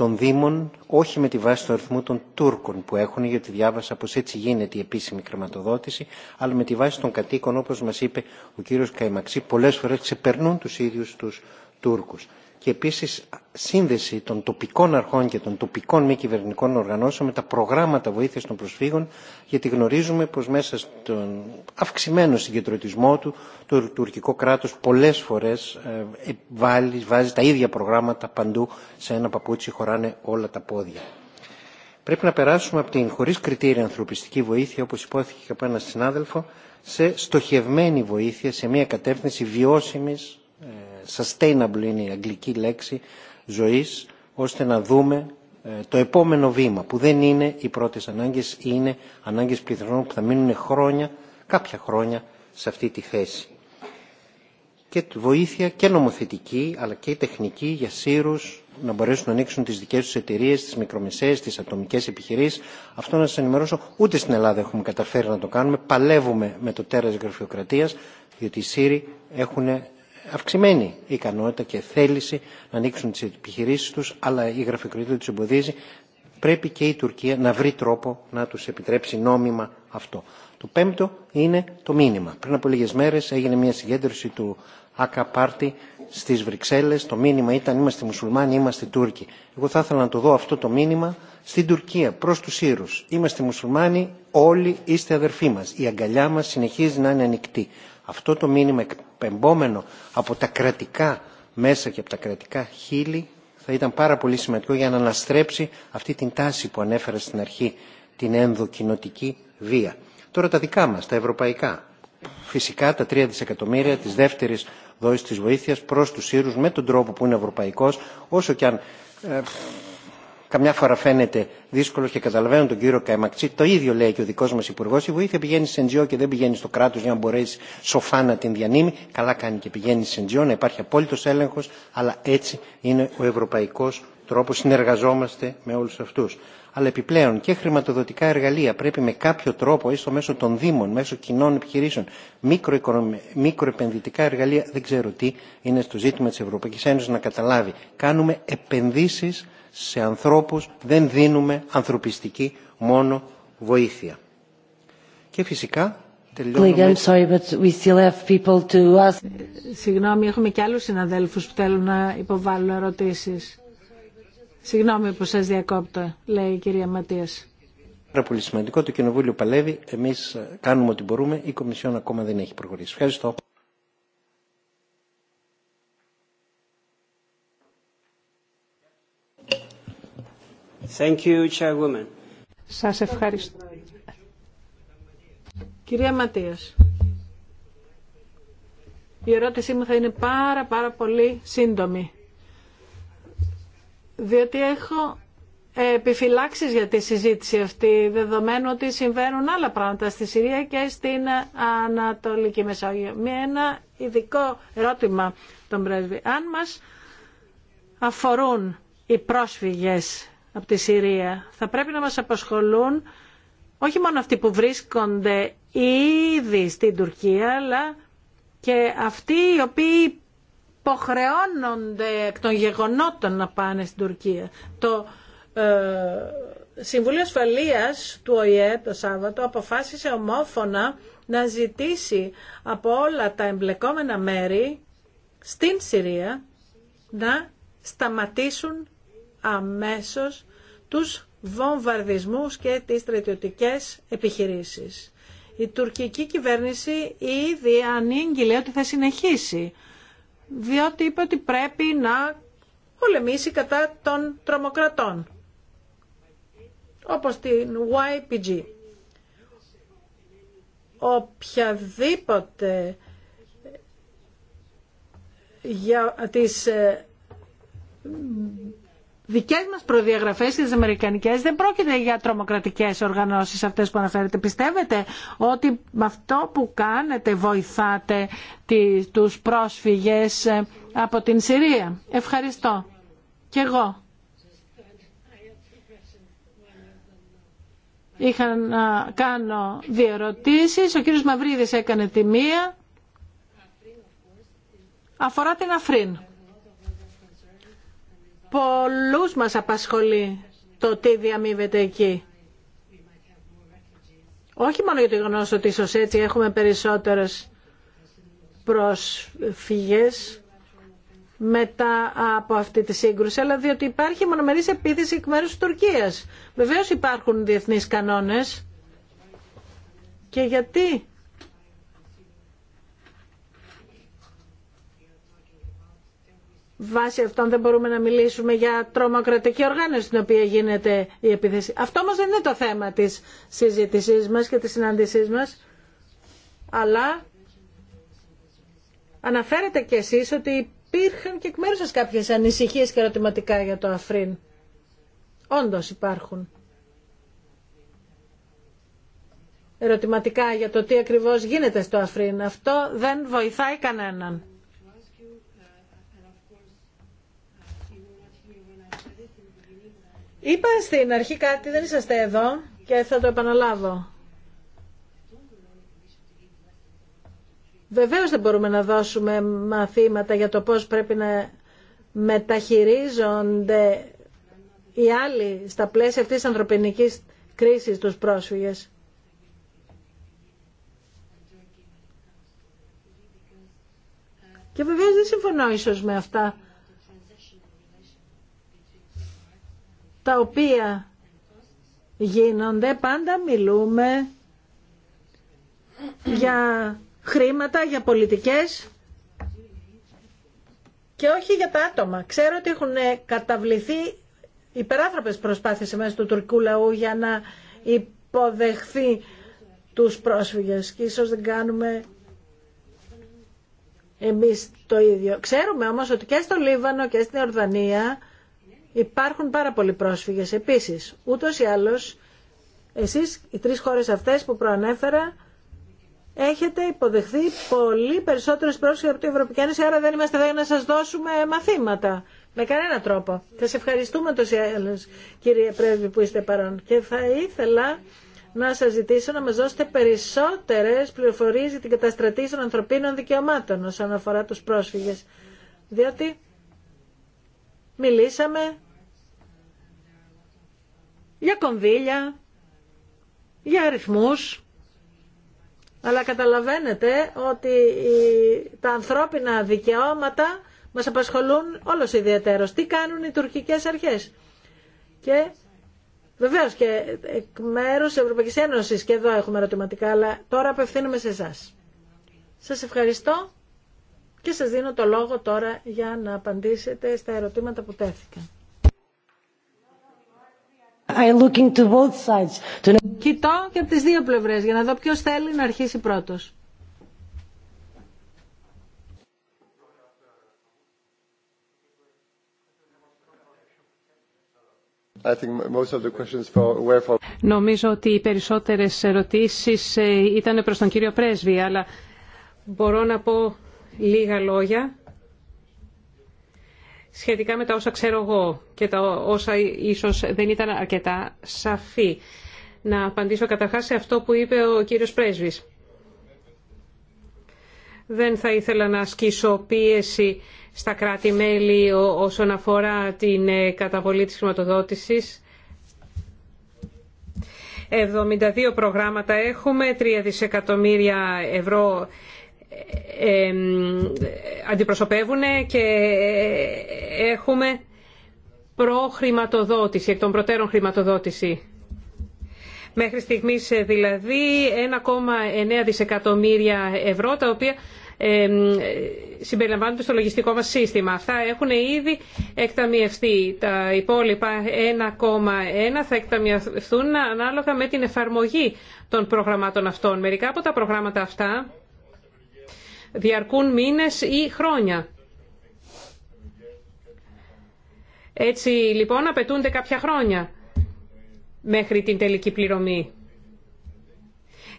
των Δήμων όχι με τη βάση του αριθμού των Τούρκων που έχουν, γιατί διάβασα πω έτσι γίνεται η επίσημη χρηματοδότηση, αλλά με τη βάση των κατοίκων, όπως μας είπε ο κύριος Καϊμαξή, πολλές φορές ξεπερνούν τους ίδιους τους Τούρκους και επίσης σύνδεση των τοπικών αρχών και των τοπικών μη κυβερνητικών οργανώσεων με τα προγράμματα βοήθειας των προσφύγων γιατί γνωρίζουμε πως μέσα στον αυξημένο συγκεντρωτισμό του το τουρκικό κράτος πολλές φορές ε, βάλει, βάζει τα ίδια προγράμματα παντού σε ένα παπούτσι χωράνε όλα τα πόδια. Πρέπει να περάσουμε από την χωρίς κριτήρια ανθρωπιστική βοήθεια όπως υπόθηκε και από έναν συνάδελφο σε στοχευμένη βοήθεια σε μια κατεύθυνση βιώσιμης ε, sustainable είναι η αγγλική λέξη ζωής ώστε να δούμε ε, το επόμενο βήμα που δεν είναι οι πρώτες ανάγκες είναι ανάγκες πληθυνών που θα μείνουν χρόνια, κάποια χρόνια σε αυτή τη θέση. Και βοήθεια και νομοθετική αλλά και τεχνική για σύρους να μπορέσουν να ανοίξουν τις δικές τους εταιρείε, τις μικρομεσαίες, τις ατομικές επιχειρήσεις. Αυτό να σας ενημερώσω, ούτε στην Ελλάδα έχουμε καταφέρει να το κάνουμε. Παλεύουμε με το τέρας γραφειοκρατίας, διότι οι Σύροι έχουν αυξημένη ικανότητα και θέληση να ανοίξουν τις επιχειρήσεις τους, αλλά η γραφειοκρατία τους εμποδίζει. Πρέπει και η Τουρκία να βρει τρόπο να τους επιτρέψει νόμιμα αυτό. Το πέμπτο είναι το μήνυμα. Πριν από λίγες μέρες έγινε μια συγκέντρωση του ΑΚΑ Πάρτι στις Βρυξέλλες. Το μήνυμα ήταν είμαστε μουσουλμάνοι, είμαστε Τούρκοι. Εγώ θα ήθελα να το δω αυτό το μήνυμα στην Τουρκία προς τους Ήρους. Είμαστε μουσουλμάνοι, όλοι είστε αδερφοί μας. Η αγκαλιά μας συνεχίζει να είναι ανοιχτή. Αυτό το μήνυμα εκπεμπόμενο από τα κρατικά μέσα και από τα κρατικά χείλη θα ήταν πάρα πολύ σημαντικό για να αναστρέψει αυτή την τάση που ανέφερα στην αρχή, την ενδοκινοτική βία. Τώρα τα δικά μας, τα ευρωπαϊκά. Φυσικά τα 3 δισεκατομμύρια της δεύτερης δόησης της βοήθειας προς τους Σύρους με τον τρόπο που είναι ευρωπαϊκός, όσο και αν ε, καμιά φορά φαίνεται δύσκολο και καταλαβαίνω τον κύριο Καϊμαξή, το ίδιο λέει και ο δικό μα υπουργό. Η βοήθεια πηγαίνει σε NGO και δεν πηγαίνει στο κράτο για να μπορέσει σοφά να την διανύμει. Καλά κάνει και πηγαίνει σε NGO, να υπάρχει απόλυτο έλεγχο, αλλά έτσι είναι ο ευρωπαϊκό τρόπο, συνεργαζόμαστε με όλου αυτού. Αλλά επιπλέον και χρηματοδοτικά εργαλεία πρέπει με κάποιο τρόπο, έστω μέσω των Δήμων, μέσω κοινών επιχειρήσεων, μικροεπενδυτικά εργαλεία, δεν ξέρω τι, είναι στο ζήτημα τη Ευρωπαϊκή Ένωση να καταλάβει. Κάνουμε επενδύσει σε ανθρώπους, δεν δίνουμε ανθρωπιστική μόνο βοήθεια. Και φυσικά ε, Συγγνώμη, έχουμε και άλλους συναδέλφους που θέλουν να υποβάλουν ερωτήσεις. Συγγνώμη που σας διακόπτω, λέει η κυρία Ματίας. Είναι πολύ σημαντικό, το Κοινοβούλιο παλεύει, εμείς κάνουμε ό,τι μπορούμε, η Κομισιόν ακόμα δεν έχει προχωρήσει. Ευχαριστώ. Thank you, Chairwoman. Σας ευχαριστώ. Κυρία Ματίας, η ερώτησή μου θα είναι πάρα πάρα πολύ σύντομη. Διότι έχω ε, επιφυλάξεις για τη συζήτηση αυτή, δεδομένου ότι συμβαίνουν άλλα πράγματα στη Συρία και στην ε, Ανατολική Μεσόγειο. Μία ένα ειδικό ερώτημα των πρέσβη. Αν μας αφορούν οι πρόσφυγες από τη Συρία. Θα πρέπει να μας απασχολούν όχι μόνο αυτοί που βρίσκονται ήδη στην Τουρκία, αλλά και αυτοί οι οποίοι υποχρεώνονται εκ των γεγονότων να πάνε στην Τουρκία. Το ε, Συμβούλιο Ασφαλείας του ΟΗΕ το Σάββατο αποφάσισε ομόφωνα να ζητήσει από όλα τα εμπλεκόμενα μέρη στην Συρία να σταματήσουν αμέσως τους βομβαρδισμούς και τις στρατιωτικές επιχειρήσεις. Η τουρκική κυβέρνηση ήδη ανήγγειλε ότι θα συνεχίσει, διότι είπε ότι πρέπει να πολεμήσει κατά των τρομοκρατών, όπως την YPG. Οποιαδήποτε για τις ε, Δικέ μας προδιαγραφές και τι αμερικανικές δεν πρόκειται για τρομοκρατικέ οργανώσεις αυτές που αναφέρετε. Πιστεύετε ότι με αυτό που κάνετε βοηθάτε του πρόσφυγες ε, από την Συρία. Ευχαριστώ. Και εγώ. Είχα να κάνω δύο Ο κύριος Μαυρίδης έκανε τη μία. Αφορά την Αφρίν πολλούς μας απασχολεί το τι διαμείβεται εκεί. Όχι μόνο για το γεγονό ότι ίσω έτσι έχουμε περισσότερες προσφυγές μετά από αυτή τη σύγκρουση, αλλά διότι υπάρχει μονομερής επίθεση εκ μέρους της Τουρκίας. Βεβαίως υπάρχουν διεθνείς κανόνες και γιατί βάσει αυτών δεν μπορούμε να μιλήσουμε για τρομοκρατική οργάνωση στην οποία γίνεται η επίθεση. Αυτό όμως δεν είναι το θέμα της συζήτησής μας και της συνάντησής μας, αλλά αναφέρετε κι εσείς ότι υπήρχαν και εκ μέρους σας κάποιες ανησυχίες και ερωτηματικά για το Αφρίν. Όντως υπάρχουν. Ερωτηματικά για το τι ακριβώς γίνεται στο Αφρίν. Αυτό δεν βοηθάει κανέναν. Είπα στην αρχή κάτι, δεν είσαστε εδώ και θα το επαναλάβω. Βεβαίως δεν μπορούμε να δώσουμε μαθήματα για το πώς πρέπει να μεταχειρίζονται οι άλλοι στα πλαίσια αυτής της ανθρωπινικής κρίσης τους πρόσφυγες. Και βεβαίως δεν συμφωνώ ίσως με αυτά τα οποία γίνονται, πάντα μιλούμε για χρήματα, για πολιτικές και όχι για τα άτομα. Ξέρω ότι έχουν καταβληθεί υπεράθρωπες προσπάθειες μέσα του τουρκού λαού για να υποδεχθεί τους πρόσφυγες και ίσως δεν κάνουμε εμείς το ίδιο. Ξέρουμε όμως ότι και στο Λίβανο και στην Ορδανία Υπάρχουν πάρα πολλοί πρόσφυγες επίσης. Ούτως ή άλλως, εσείς οι τρεις χώρες αυτές που προανέφερα έχετε υποδεχθεί πολύ περισσότερες πρόσφυγες από την Ευρωπαϊκή Ένωση, άρα δεν είμαστε εδώ να σας δώσουμε μαθήματα. Με κανένα τρόπο. Θα σε ευχαριστούμε κύριε Πρέσβη, που είστε παρόν. Και θα ήθελα να σας ζητήσω να μας δώσετε περισσότερες πληροφορίες για την καταστρατήση των ανθρωπίνων δικαιωμάτων όσον αφορά τους πρόσφυγες. Διότι μιλήσαμε για κονδύλια, για αριθμούς, αλλά καταλαβαίνετε ότι τα ανθρώπινα δικαιώματα μας απασχολούν όλος ιδιαίτερος. Τι κάνουν οι τουρκικές αρχές. Και βεβαίως και εκ μέρους Ευρωπαϊκή Ευρωπαϊκής και εδώ έχουμε ερωτηματικά, αλλά τώρα απευθύνουμε σε εσά. Σας ευχαριστώ. Και σας δίνω το λόγο τώρα για να απαντήσετε στα ερωτήματα που τέθηκαν. Κοιτώ και από τις δύο πλευρές για να δω ποιος θέλει να αρχίσει πρώτος. I think most of the questions for... Νομίζω ότι οι περισσότερες ερωτήσεις ε, ήταν προς τον κύριο Πρέσβη, αλλά μπορώ να πω λίγα λόγια σχετικά με τα όσα ξέρω εγώ και τα όσα ίσως δεν ήταν αρκετά σαφή. Να απαντήσω καταρχάς σε αυτό που είπε ο κύριος Πρέσβης. Δεν θα ήθελα να ασκήσω πίεση στα κράτη-μέλη όσον αφορά την ε, καταβολή της χρηματοδότησης. 72 προγράμματα έχουμε, 3 δισεκατομμύρια ευρώ ε, ε, ε, αντιπροσωπεύουν και έχουμε προχρηματοδότηση, εκ των προτέρων χρηματοδότηση. Μέχρι στιγμής δηλαδή 1,9 δισεκατομμύρια ευρώ τα οποία συμπεριλαμβάνονται στο λογιστικό μας σύστημα. Αυτά έχουν ήδη εκταμιευτεί. Τα υπόλοιπα 1,1 θα εκταμιευθούν ανάλογα με την εφαρμογή των προγραμμάτων αυτών. Μερικά από τα προγράμματα αυτά διαρκούν μήνες ή χρόνια. Έτσι λοιπόν απαιτούνται κάποια χρόνια μέχρι την τελική πληρωμή.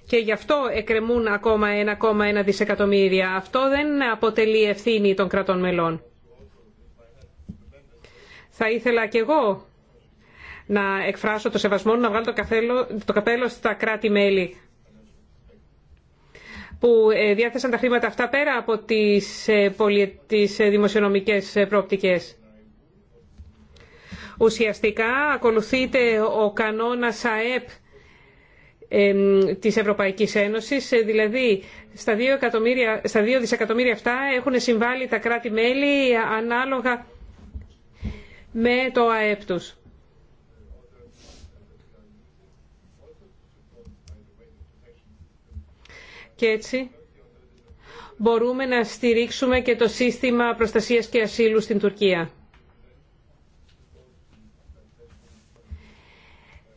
Και γι' αυτό εκκρεμούν ακόμα 1,1 δισεκατομμύρια. Αυτό δεν αποτελεί ευθύνη των κρατών μελών. Θα ήθελα κι εγώ να εκφράσω το σεβασμό να βγάλω το, καπέλο στα κράτη-μέλη που ε, διάθεσαν τα χρήματα αυτά πέρα από τις, ε, τις ε, δημοσιονομικές προοπτικές. Ουσιαστικά ακολουθείται ο κανόνας ΑΕΠ της Ευρωπαϊκής Ένωσης, δηλαδή στα 2, δισεκατομμύρια αυτά έχουν συμβάλει τα κράτη-μέλη ανάλογα με το ΑΕΠ τους. και έτσι μπορούμε να στηρίξουμε και το σύστημα προστασίας και ασύλου στην Τουρκία.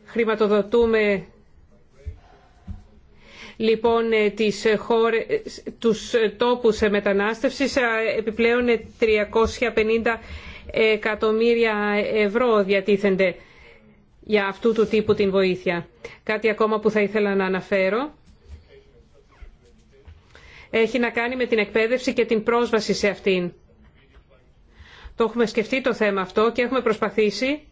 Χρηματοδοτούμε λοιπόν ε, τις ε, χώρες, τους ε, τόπους μετανάστευσης επιπλέον 350 εκατομμύρια ευρώ διατίθενται για αυτού του τύπου την βοήθεια. Κάτι ακόμα που θα ήθελα να αναφέρω έχει να κάνει με την εκπαίδευση και την πρόσβαση σε αυτήν. Το έχουμε σκεφτεί το θέμα αυτό και έχουμε προσπαθήσει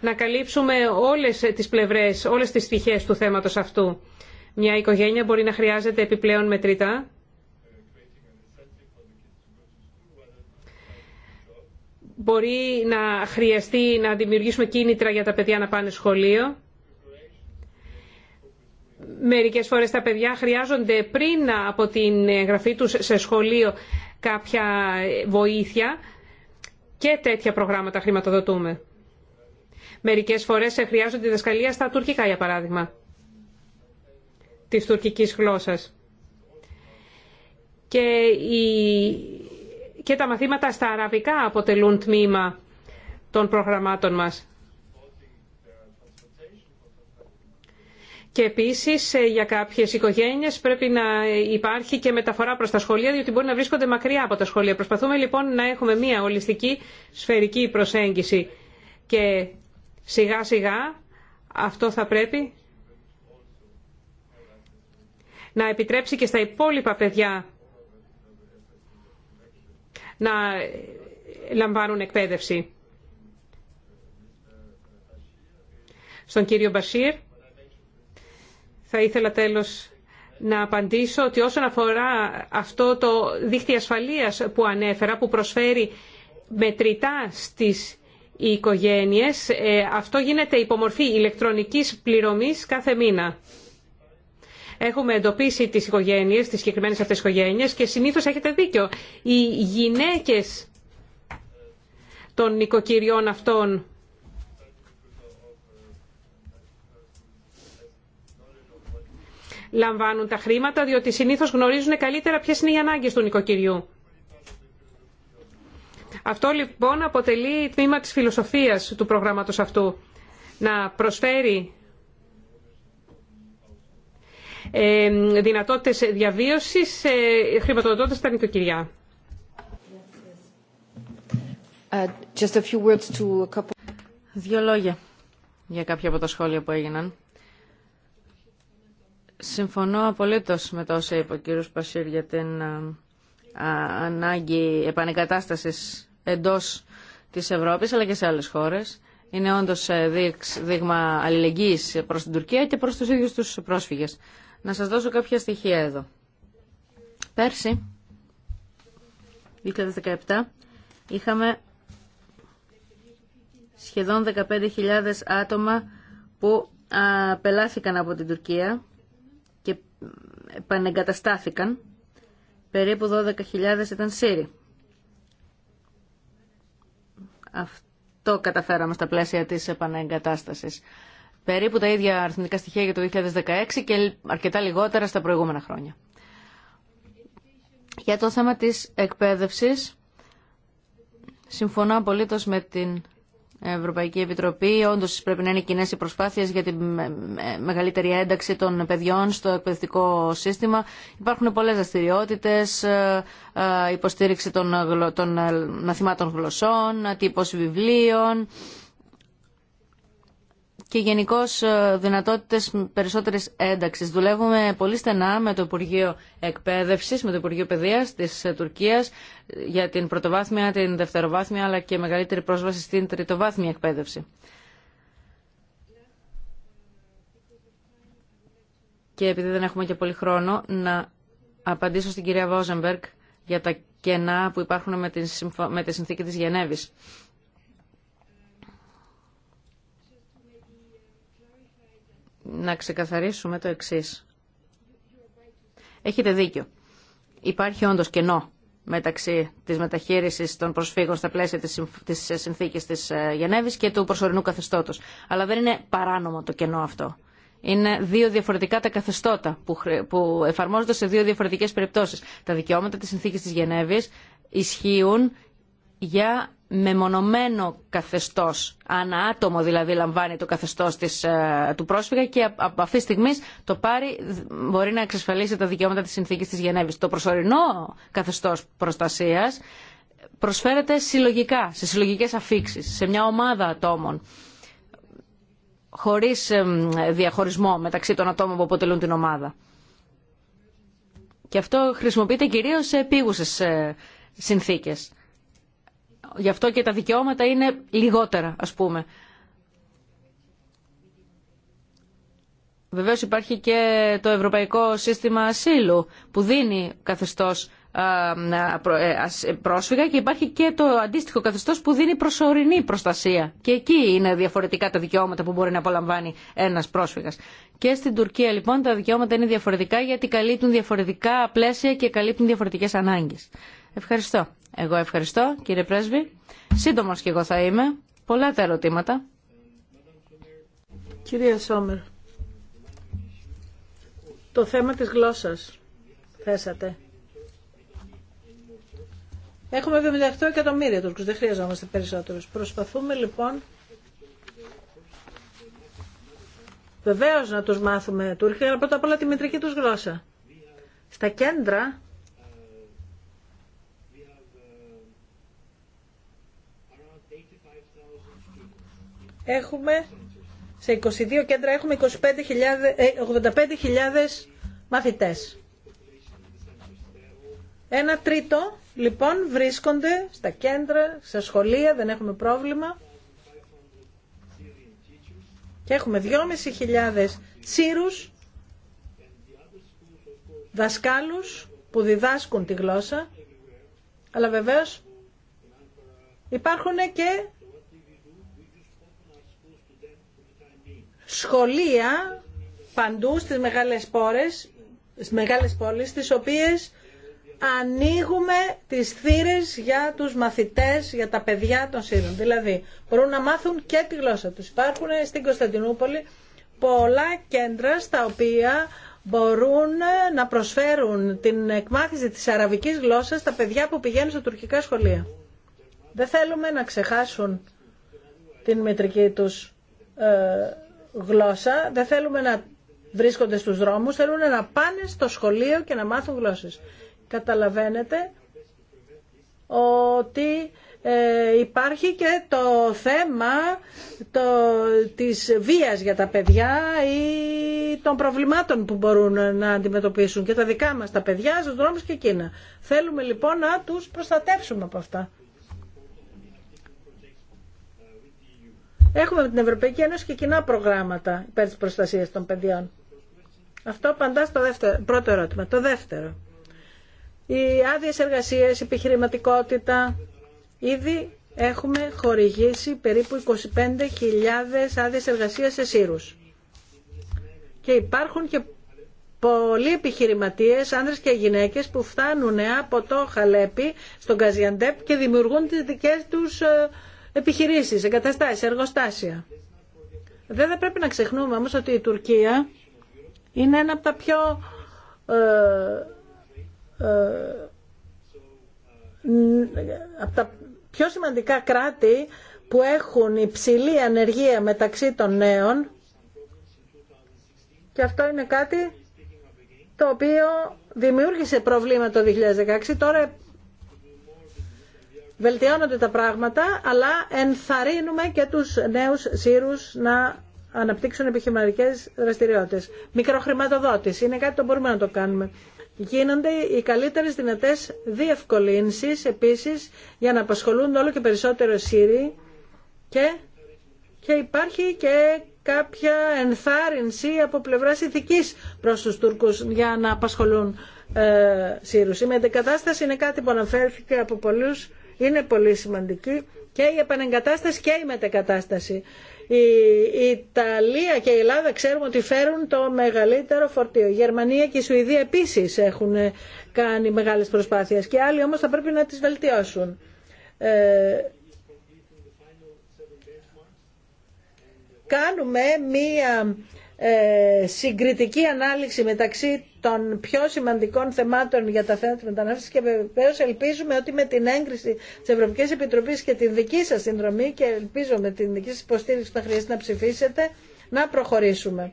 να καλύψουμε όλες τις πλευρές, όλες τις στοιχές του θέματος αυτού. Μια οικογένεια μπορεί να χρειάζεται επιπλέον μετρητά. Μπορεί να χρειαστεί να δημιουργήσουμε κίνητρα για τα παιδιά να πάνε σχολείο. Μερικές φορές τα παιδιά χρειάζονται πριν από την εγγραφή τους σε σχολείο κάποια βοήθεια και τέτοια προγράμματα χρηματοδοτούμε. Μερικές φορές χρειάζονται διδασκαλία στα τουρκικά, για παράδειγμα, της τουρκικής γλώσσας. Και, και τα μαθήματα στα αραβικά αποτελούν τμήμα των προγραμμάτων μας. Και επίσης ε, για κάποιες οικογένειες πρέπει να υπάρχει και μεταφορά προς τα σχολεία διότι μπορεί να βρίσκονται μακριά από τα σχολεία. Προσπαθούμε λοιπόν να έχουμε μια ολιστική σφαιρική προσέγγιση και σιγά σιγά αυτό θα πρέπει να επιτρέψει και στα υπόλοιπα παιδιά να λαμβάνουν εκπαίδευση. Στον κύριο Μπασίρ. Θα ήθελα τέλος να απαντήσω ότι όσον αφορά αυτό το δίχτυ ασφαλείας που ανέφερα, που προσφέρει μετρητά στις οικογένειες, ε, αυτό γίνεται υπομορφή ηλεκτρονικής πληρωμής κάθε μήνα. Έχουμε εντοπίσει τις οικογένειες, τις συγκεκριμένε αυτές οικογένειες και συνήθως έχετε δίκιο. Οι γυναίκες των οικοκυριών αυτών λαμβάνουν τα χρήματα, διότι συνήθω γνωρίζουν καλύτερα ποιε είναι οι ανάγκε του νοικοκυριού. Αυτό λοιπόν αποτελεί τμήμα της φιλοσοφίας του προγράμματος αυτού. Να προσφέρει ε, δυνατότητες διαβίωσης ε, χρηματοδοτώντας τα νοικοκυριά. Ε, Δύο λόγια για κάποια από τα σχόλια που έγιναν. Συμφωνώ απολύτως με το όσα είπε ο κύριος Πασίρ για την ανάγκη επανεκατάστασης εντός της Ευρώπης αλλά και σε άλλες χώρες. Είναι όντως ε, δείγμα αλληλεγγύης προς την Τουρκία και προς τους ίδιους τους πρόσφυγες. Να σας δώσω κάποια στοιχεία εδώ. Πέρσι, 2017, είχαμε σχεδόν 15.000 άτομα που πελάθηκαν από την Τουρκία επανεγκαταστάθηκαν. Περίπου 12.000 ήταν Σύριοι. Αυτό καταφέραμε στα πλαίσια της επανεγκατάστασης. Περίπου τα ίδια αριθμητικά στοιχεία για το 2016 και αρκετά λιγότερα στα προηγούμενα χρόνια. Για το θέμα της εκπαίδευσης, συμφωνώ απολύτως με την Ευρωπαϊκή Επιτροπή. Όντω πρέπει να είναι κοινέ οι προσπάθειε για τη μεγαλύτερη ένταξη των παιδιών στο εκπαιδευτικό σύστημα. Υπάρχουν πολλέ δραστηριότητε, ε, ε, υποστήριξη των ε, μαθημάτων γλωσσών, τύπο βιβλίων, και γενικώ ε, δυνατότητες περισσότερη ένταξη. Δουλεύουμε πολύ στενά με το Υπουργείο εκπαίδευση, με το Υπουργείο Παιδείας της ε, Τουρκίας ε, για την πρωτοβάθμια, την δευτεροβάθμια αλλά και μεγαλύτερη πρόσβαση στην τριτοβάθμια εκπαίδευση. Και επειδή δεν έχουμε και πολύ χρόνο, να απαντήσω στην κυρία Βόζεμπεργκ για τα κενά που υπάρχουν με τη συνθήκη της Γενέβης. να ξεκαθαρίσουμε το εξή. Έχετε δίκιο. Υπάρχει όντως κενό μεταξύ της μεταχείρισης των προσφύγων στα πλαίσια της ε, συνθήκης της ε, Γενέβης και του προσωρινού καθεστώτος. Αλλά δεν είναι παράνομο το κενό αυτό. Είναι δύο διαφορετικά τα καθεστώτα που εφαρμόζονται σε δύο διαφορετικές περιπτώσεις. Τα δικαιώματα της συνθήκης της Γενέβης ισχύουν για μεμονωμένο καθεστώς, ανά άτομο δηλαδή λαμβάνει το καθεστώς της, ε, του πρόσφυγα και από αυτή τη στιγμή το πάρει μπορεί να εξασφαλίσει τα δικαιώματα της συνθήκης της Γενέβης. Το προσωρινό καθεστώς προστασίας προσφέρεται συλλογικά, σε συλλογικές αφήξεις, σε μια ομάδα ατόμων χωρίς ε, διαχωρισμό μεταξύ των ατόμων που αποτελούν την ομάδα. Και αυτό χρησιμοποιείται κυρίως σε επίγουσες ε, συνθήκες. Γι' αυτό και τα δικαιώματα είναι λιγότερα, ας πούμε. Βεβαίως υπάρχει και το Ευρωπαϊκό Σύστημα Ασύλου που δίνει καθεστώς ε, ε, πρόσφυγα και υπάρχει και το αντίστοιχο καθεστώς που δίνει προσωρινή προστασία. Και εκεί είναι διαφορετικά τα δικαιώματα που μπορεί να απολαμβάνει ένας πρόσφυγας. Και στην Τουρκία λοιπόν τα δικαιώματα είναι διαφορετικά γιατί καλύπτουν διαφορετικά πλαίσια και καλύπτουν διαφορετικές ανάγκες. Ευχαριστώ. Εγώ ευχαριστώ, κύριε Πρέσβη. Σύντομος και εγώ θα είμαι. Πολλά τα ερωτήματα. Κυρία Σόμερ, το θέμα της γλώσσας θέσατε. Έχουμε 78 εκατομμύρια Τούρκους, δεν χρειαζόμαστε περισσότερους. Προσπαθούμε λοιπόν βεβαίως να τους μάθουμε Τούρκοι, αλλά πρώτα απ' όλα τη μητρική τους γλώσσα. Στα κέντρα έχουμε σε 22 κέντρα έχουμε 85.000 ε, μαθητές. Ένα τρίτο λοιπόν βρίσκονται στα κέντρα, στα σχολεία, δεν έχουμε πρόβλημα. Και έχουμε 2.500 σύρους, δασκάλους που διδάσκουν τη γλώσσα, αλλά βεβαίως υπάρχουν και σχολεία παντού στις μεγάλες, πόρες, στις μεγάλες πόλεις, τις οποίες ανοίγουμε τις θύρες για τους μαθητές, για τα παιδιά των Σύρων. Δηλαδή, μπορούν να μάθουν και τη γλώσσα τους. Υπάρχουν στην Κωνσταντινούπολη πολλά κέντρα στα οποία μπορούν να προσφέρουν την εκμάθηση της αραβικής γλώσσας στα παιδιά που πηγαίνουν στα τουρκικά σχολεία. Δεν θέλουμε να ξεχάσουν την μετρική τους ε, γλώσσα, δεν θέλουμε να βρίσκονται στους δρόμους, θέλουν να πάνε στο σχολείο και να μάθουν γλώσσες. Καταλαβαίνετε ότι ε, υπάρχει και το θέμα το, της βίας για τα παιδιά ή των προβλημάτων που μπορούν να αντιμετωπίσουν και τα δικά μας τα παιδιά στους δρόμους και εκείνα. Θέλουμε λοιπόν να τους προστατεύσουμε από αυτά. Έχουμε με την Ευρωπαϊκή Ένωση και κοινά προγράμματα υπέρ της προστασίας των παιδιών. Αυτό απαντά στο δεύτερο, πρώτο ερώτημα. Το δεύτερο. Οι άδειε εργασίες, η επιχειρηματικότητα. Ήδη έχουμε χορηγήσει περίπου 25.000 άδειε εργασία σε σύρους. Και υπάρχουν και πολλοί επιχειρηματίες, άνδρες και γυναίκες που φτάνουν από το Χαλέπι στον Καζιαντέπ και δημιουργούν τις δικές τους ε, επιχειρήσεις, εγκαταστάσεις, εργοστάσια. Δεν θα πρέπει να ξεχνούμε όμως ότι η Τουρκία είναι ένα από τα πιο ε, ε, ε, από τα πιο σημαντικά κράτη που έχουν υψηλή ανεργία μεταξύ των νέων και αυτό είναι κάτι το οποίο δημιούργησε προβλήματα το 2016. Τώρα βελτιώνονται τα πράγματα, αλλά ενθαρρύνουμε και τους νέους σύρους να αναπτύξουν επιχειρηματικές δραστηριότητες. Μικροχρηματοδότηση είναι κάτι που μπορούμε να το κάνουμε. Γίνονται οι καλύτερες δυνατές διευκολύνσεις επίσης για να απασχολούν όλο και περισσότερο σύροι και, και υπάρχει και κάποια ενθάρρυνση από πλευράς ηθικής προς τους Τούρκους για να απασχολούν ε, Σύρους. Η μετεκατάσταση είναι κάτι που αναφέρθηκε από πολλούς είναι πολύ σημαντική και η επανεγκατάσταση και η μετεκατάσταση. Η Ιταλία και η Ελλάδα ξέρουμε ότι φέρουν το μεγαλύτερο φορτίο. Η Γερμανία και η Σουηδία επίσης έχουν ε, κάνει μεγάλες προσπάθειες και άλλοι όμως θα πρέπει να τις βελτιώσουν. Ε, κάνουμε μία ε, συγκριτική ανάλυση μεταξύ των πιο σημαντικών θεμάτων για τα θέματα της μετανάστευσης και βεβαίως ελπίζουμε ότι με την έγκριση της Ευρωπαϊκής Επιτροπής και τη δική σας συνδρομή και ελπίζω με την δική σας υποστήριξη που θα χρειαστεί να ψηφίσετε να προχωρήσουμε.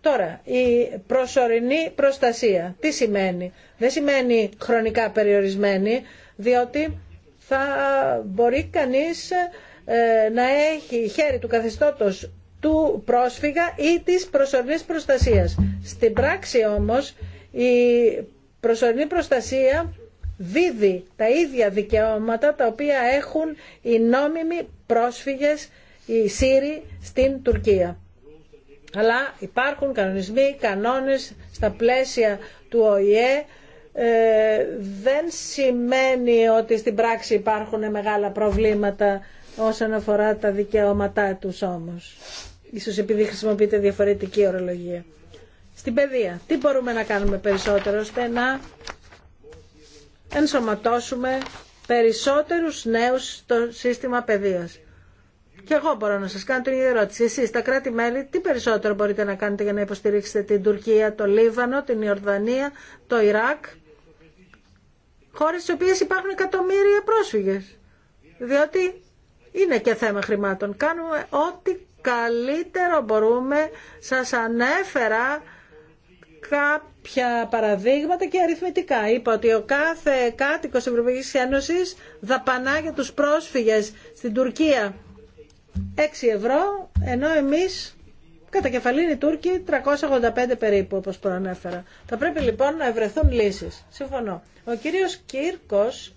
Τώρα, η προσωρινή προστασία. Τι σημαίνει. Δεν σημαίνει χρονικά περιορισμένη, διότι θα μπορεί κανείς ε, να έχει χέρι του καθεστώτος του πρόσφυγα ή της προσωρινής προστασίας. Στην πράξη όμως η προσωρινή προστασία δίδει τα ίδια δικαιώματα τα οποία έχουν οι νόμιμοι πρόσφυγες, οι Σύροι στην Τουρκία. Αλλά υπάρχουν κανονισμοί, κανόνες στα πλαίσια του ΟΗΕ. Ε, δεν σημαίνει ότι στην πράξη υπάρχουν μεγάλα προβλήματα όσον αφορά τα δικαιώματά τους όμως ίσως επειδή χρησιμοποιείται διαφορετική ορολογία. Στην παιδεία, τι μπορούμε να κάνουμε περισσότερο ώστε να ενσωματώσουμε περισσότερους νέους στο σύστημα παιδείας. Και εγώ μπορώ να σας κάνω την ίδια ερώτηση. Εσείς, τα κράτη-μέλη, τι περισσότερο μπορείτε να κάνετε για να υποστηρίξετε την Τουρκία, το Λίβανο, την Ιορδανία, το Ιράκ, χώρες στις οποίες υπάρχουν εκατομμύρια πρόσφυγες. Διότι είναι και θέμα χρημάτων. Κάνουμε ό,τι καλύτερο μπορούμε. Σας ανέφερα κάποια παραδείγματα και αριθμητικά. Είπα ότι ο κάθε κάτοικος της Ευρωπαϊκής Ένωσης δαπανά για τους πρόσφυγες στην Τουρκία 6 ευρώ, ενώ εμείς κατά είναι οι Τούρκοι 385 περίπου όπως προανέφερα. Θα πρέπει λοιπόν να ευρεθούν λύσεις. Συμφωνώ. Ο κύριος Κύρκος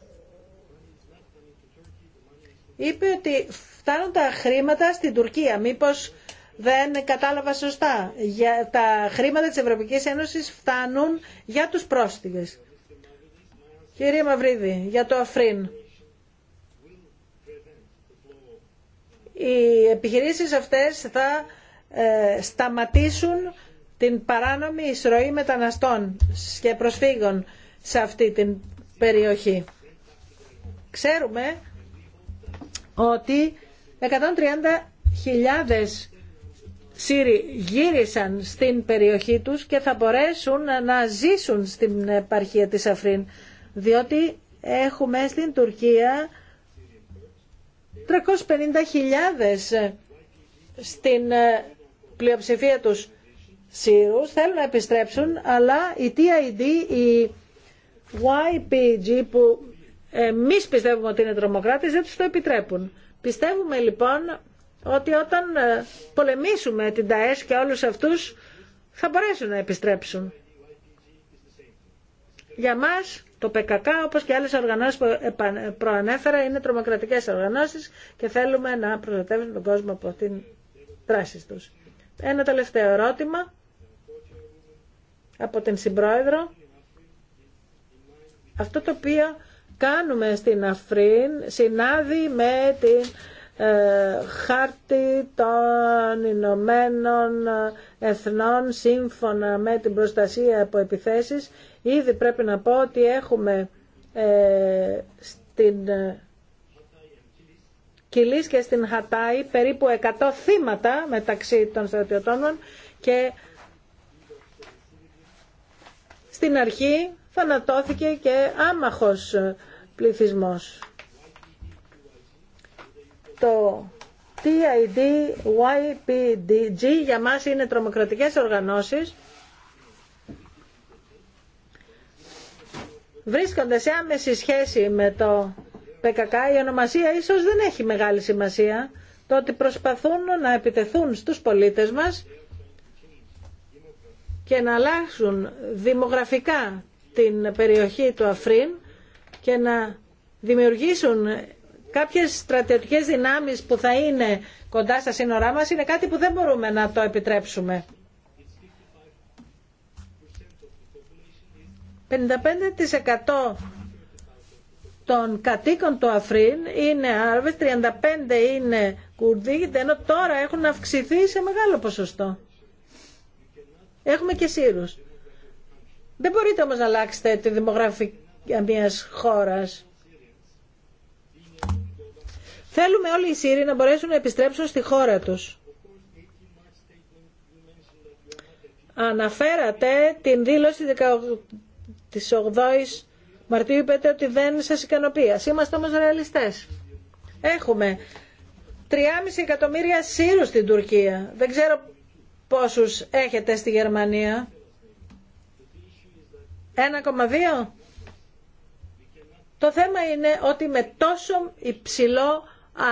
είπε ότι φτάνουν τα χρήματα στην Τουρκία. Μήπως δεν κατάλαβα σωστά. Για τα χρήματα της Ευρωπαϊκής Ένωσης φτάνουν για τους πρόστιγες. Κύριε Μαυρίδη, για το Αφρίν. Οι επιχειρήσεις αυτές θα ε, σταματήσουν την παράνομη εισρωή μεταναστών και προσφύγων σε αυτή την περιοχή. Ξέρουμε ότι 130.000 Σύρι γύρισαν στην περιοχή τους και θα μπορέσουν να ζήσουν στην επαρχία της Αφρίν διότι έχουμε στην Τουρκία 350.000 στην ε, πλειοψηφία τους Σύρους θέλουν να επιστρέψουν αλλά η TID, η YPG που εμείς πιστεύουμε ότι είναι τρομοκράτες δεν τους το επιτρέπουν. Πιστεύουμε λοιπόν ότι όταν ε, πολεμήσουμε την ΤΑΕΣ και όλους αυτούς θα μπορέσουν να επιστρέψουν. Για μας το ΠΚΚ όπως και άλλες οργανώσεις που προανέφερα είναι τρομοκρατικές οργανώσεις και θέλουμε να προστατεύσουμε τον κόσμο από την δράση τους. Ένα τελευταίο ερώτημα από την Συμπρόεδρο. Αυτό το οποίο κάνουμε στην Αφρίν συνάδει με την ε, χάρτη των Ηνωμένων Εθνών σύμφωνα με την προστασία από επιθέσεις. Ήδη πρέπει να πω ότι έχουμε ε, στην ε, Κιλής και στην Χατάη περίπου 100 θύματα μεταξύ των στρατιωτών και στην αρχή θανατώθηκε και άμαχος ε, πληθυσμός. Το TID, YPDG για μας είναι τρομοκρατικές οργανώσεις βρίσκονται σε άμεση σχέση με το ΠΚΚ, η ονομασία ίσως δεν έχει μεγάλη σημασία, το ότι προσπαθούν να επιτεθούν στους πολίτες μας και να αλλάξουν δημογραφικά την περιοχή του Αφρίν και να δημιουργήσουν κάποιες στρατιωτικές δυνάμεις που θα είναι κοντά στα σύνορά μας είναι κάτι που δεν μπορούμε να το επιτρέψουμε. 55% των κατοίκων του Αφρίν είναι Άραβες, 35% είναι Κουρδί, ενώ τώρα έχουν αυξηθεί σε μεγάλο ποσοστό. Έχουμε και Σύρους. Δεν μπορείτε όμως να αλλάξετε τη δημογραφία μιας χώρας. Θέλουμε όλοι οι Σύριοι να μπορέσουν να επιστρέψουν στη χώρα τους. Αναφέρατε την δήλωση της 8ης Μαρτίου είπατε ότι δεν σας ικανοποιεί. Είμαστε όμως ρεαλιστές. Έχουμε 3,5 εκατομμύρια Σύρους στην Τουρκία. Δεν ξέρω πόσους έχετε στη Γερμανία. 1,2. Το θέμα είναι ότι με τόσο υψηλό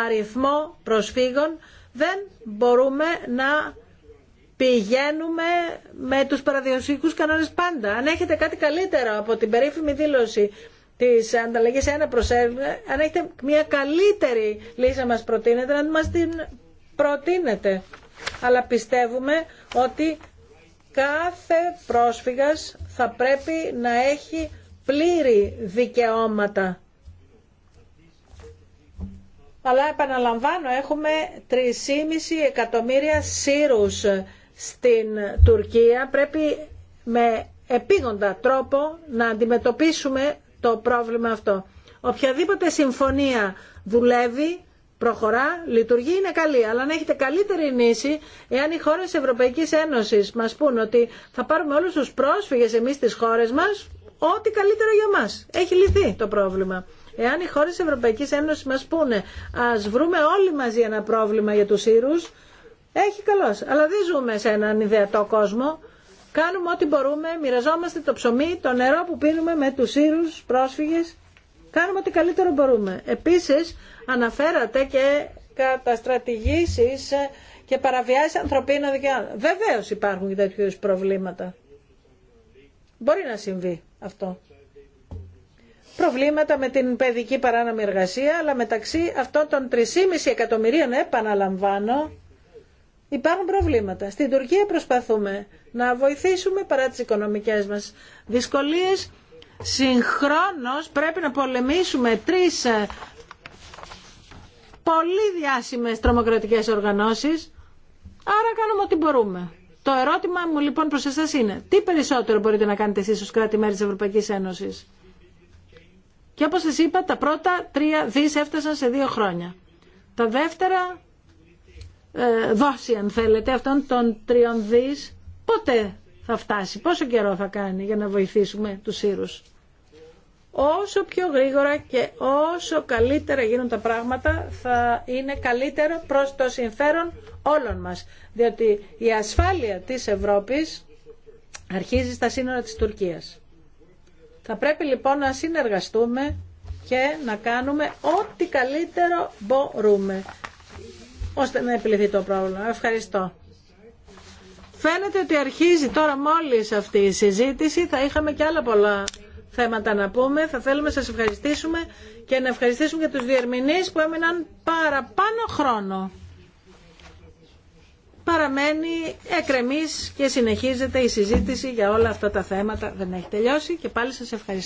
αριθμό προσφύγων δεν μπορούμε να πηγαίνουμε με τους παραδιοσυκούς κανόνες πάντα. Αν έχετε κάτι καλύτερο από την περίφημη δήλωση της ανταλλαγής 1 προς αν έχετε μια καλύτερη λύση να μας προτείνετε, να μας την προτείνετε. Αλλά πιστεύουμε ότι κάθε πρόσφυγας θα πρέπει να έχει πλήρη δικαιώματα. Αλλά επαναλαμβάνω, έχουμε 3,5 εκατομμύρια σύρους στην Τουρκία. Πρέπει με επίγοντα τρόπο να αντιμετωπίσουμε το πρόβλημα αυτό. Οποιαδήποτε συμφωνία δουλεύει προχωρά, λειτουργεί, είναι καλή. Αλλά να έχετε καλύτερη νήση, εάν οι χώρες Ευρωπαϊκής Ένωσης μας πούν ότι θα πάρουμε όλου του πρόσφυγες εμεί στις χώρε μα ό,τι καλύτερο για μας. Έχει λυθεί το πρόβλημα. Εάν οι χώρες Ευρωπαϊκή Ένωση μα πούνε, α βρούμε όλοι μαζί ένα πρόβλημα για του. Ήρου, έχει καλώ. Αλλά δεν ζούμε σε έναν ιδεατό κόσμο. Κάνουμε ό,τι μπορούμε, μοιραζόμαστε το ψωμί, το νερό που πίνουμε με του Ήρου πρόσφυγε. Κάνουμε ό,τι καλύτερο μπορούμε. Επίσης, αναφέρατε και καταστρατηγήσεις και παραβιάσεις ανθρωπίνων δικαιών. Βεβαίω υπάρχουν και τέτοιου προβλήματα. Μπορεί να συμβεί αυτό. Προβλήματα με την παιδική παράνομη εργασία, αλλά μεταξύ αυτών των 3,5 εκατομμυρίων, επαναλαμβάνω, υπάρχουν προβλήματα. Στην Τουρκία προσπαθούμε να βοηθήσουμε παρά τις οικονομικές μας δυσκολίες. Συγχρόνως πρέπει να πολεμήσουμε τρεις πολύ διάσημες τρομοκρατικές οργανώσεις, άρα κάνουμε ό,τι μπορούμε. Το ερώτημα μου λοιπόν προς εσάς είναι, τι περισσότερο μπορείτε να κάνετε εσείς ως κράτη-μέρη της Ευρωπαϊκής Ένωσης. Και όπως σας είπα, τα πρώτα τρία δις έφτασαν σε δύο χρόνια. Τα δεύτερα ε, δόση, αν θέλετε, αυτών των τριών δις, πότε θα φτάσει, πόσο καιρό θα κάνει για να βοηθήσουμε τους Σύρους όσο πιο γρήγορα και όσο καλύτερα γίνουν τα πράγματα θα είναι καλύτερο προς το συμφέρον όλων μας. Διότι η ασφάλεια της Ευρώπης αρχίζει στα σύνορα της Τουρκίας. Θα πρέπει λοιπόν να συνεργαστούμε και να κάνουμε ό,τι καλύτερο μπορούμε ώστε να επιληθεί το πρόβλημα. Ευχαριστώ. Φαίνεται ότι αρχίζει τώρα μόλις αυτή η συζήτηση, θα είχαμε και άλλα πολλά θέματα να πούμε. Θα θέλουμε να σας ευχαριστήσουμε και να ευχαριστήσουμε και τους διερμηνείς που έμειναν παραπάνω χρόνο. Παραμένει εκρεμής και συνεχίζεται η συζήτηση για όλα αυτά τα θέματα. Δεν έχει τελειώσει και πάλι σας ευχαριστώ.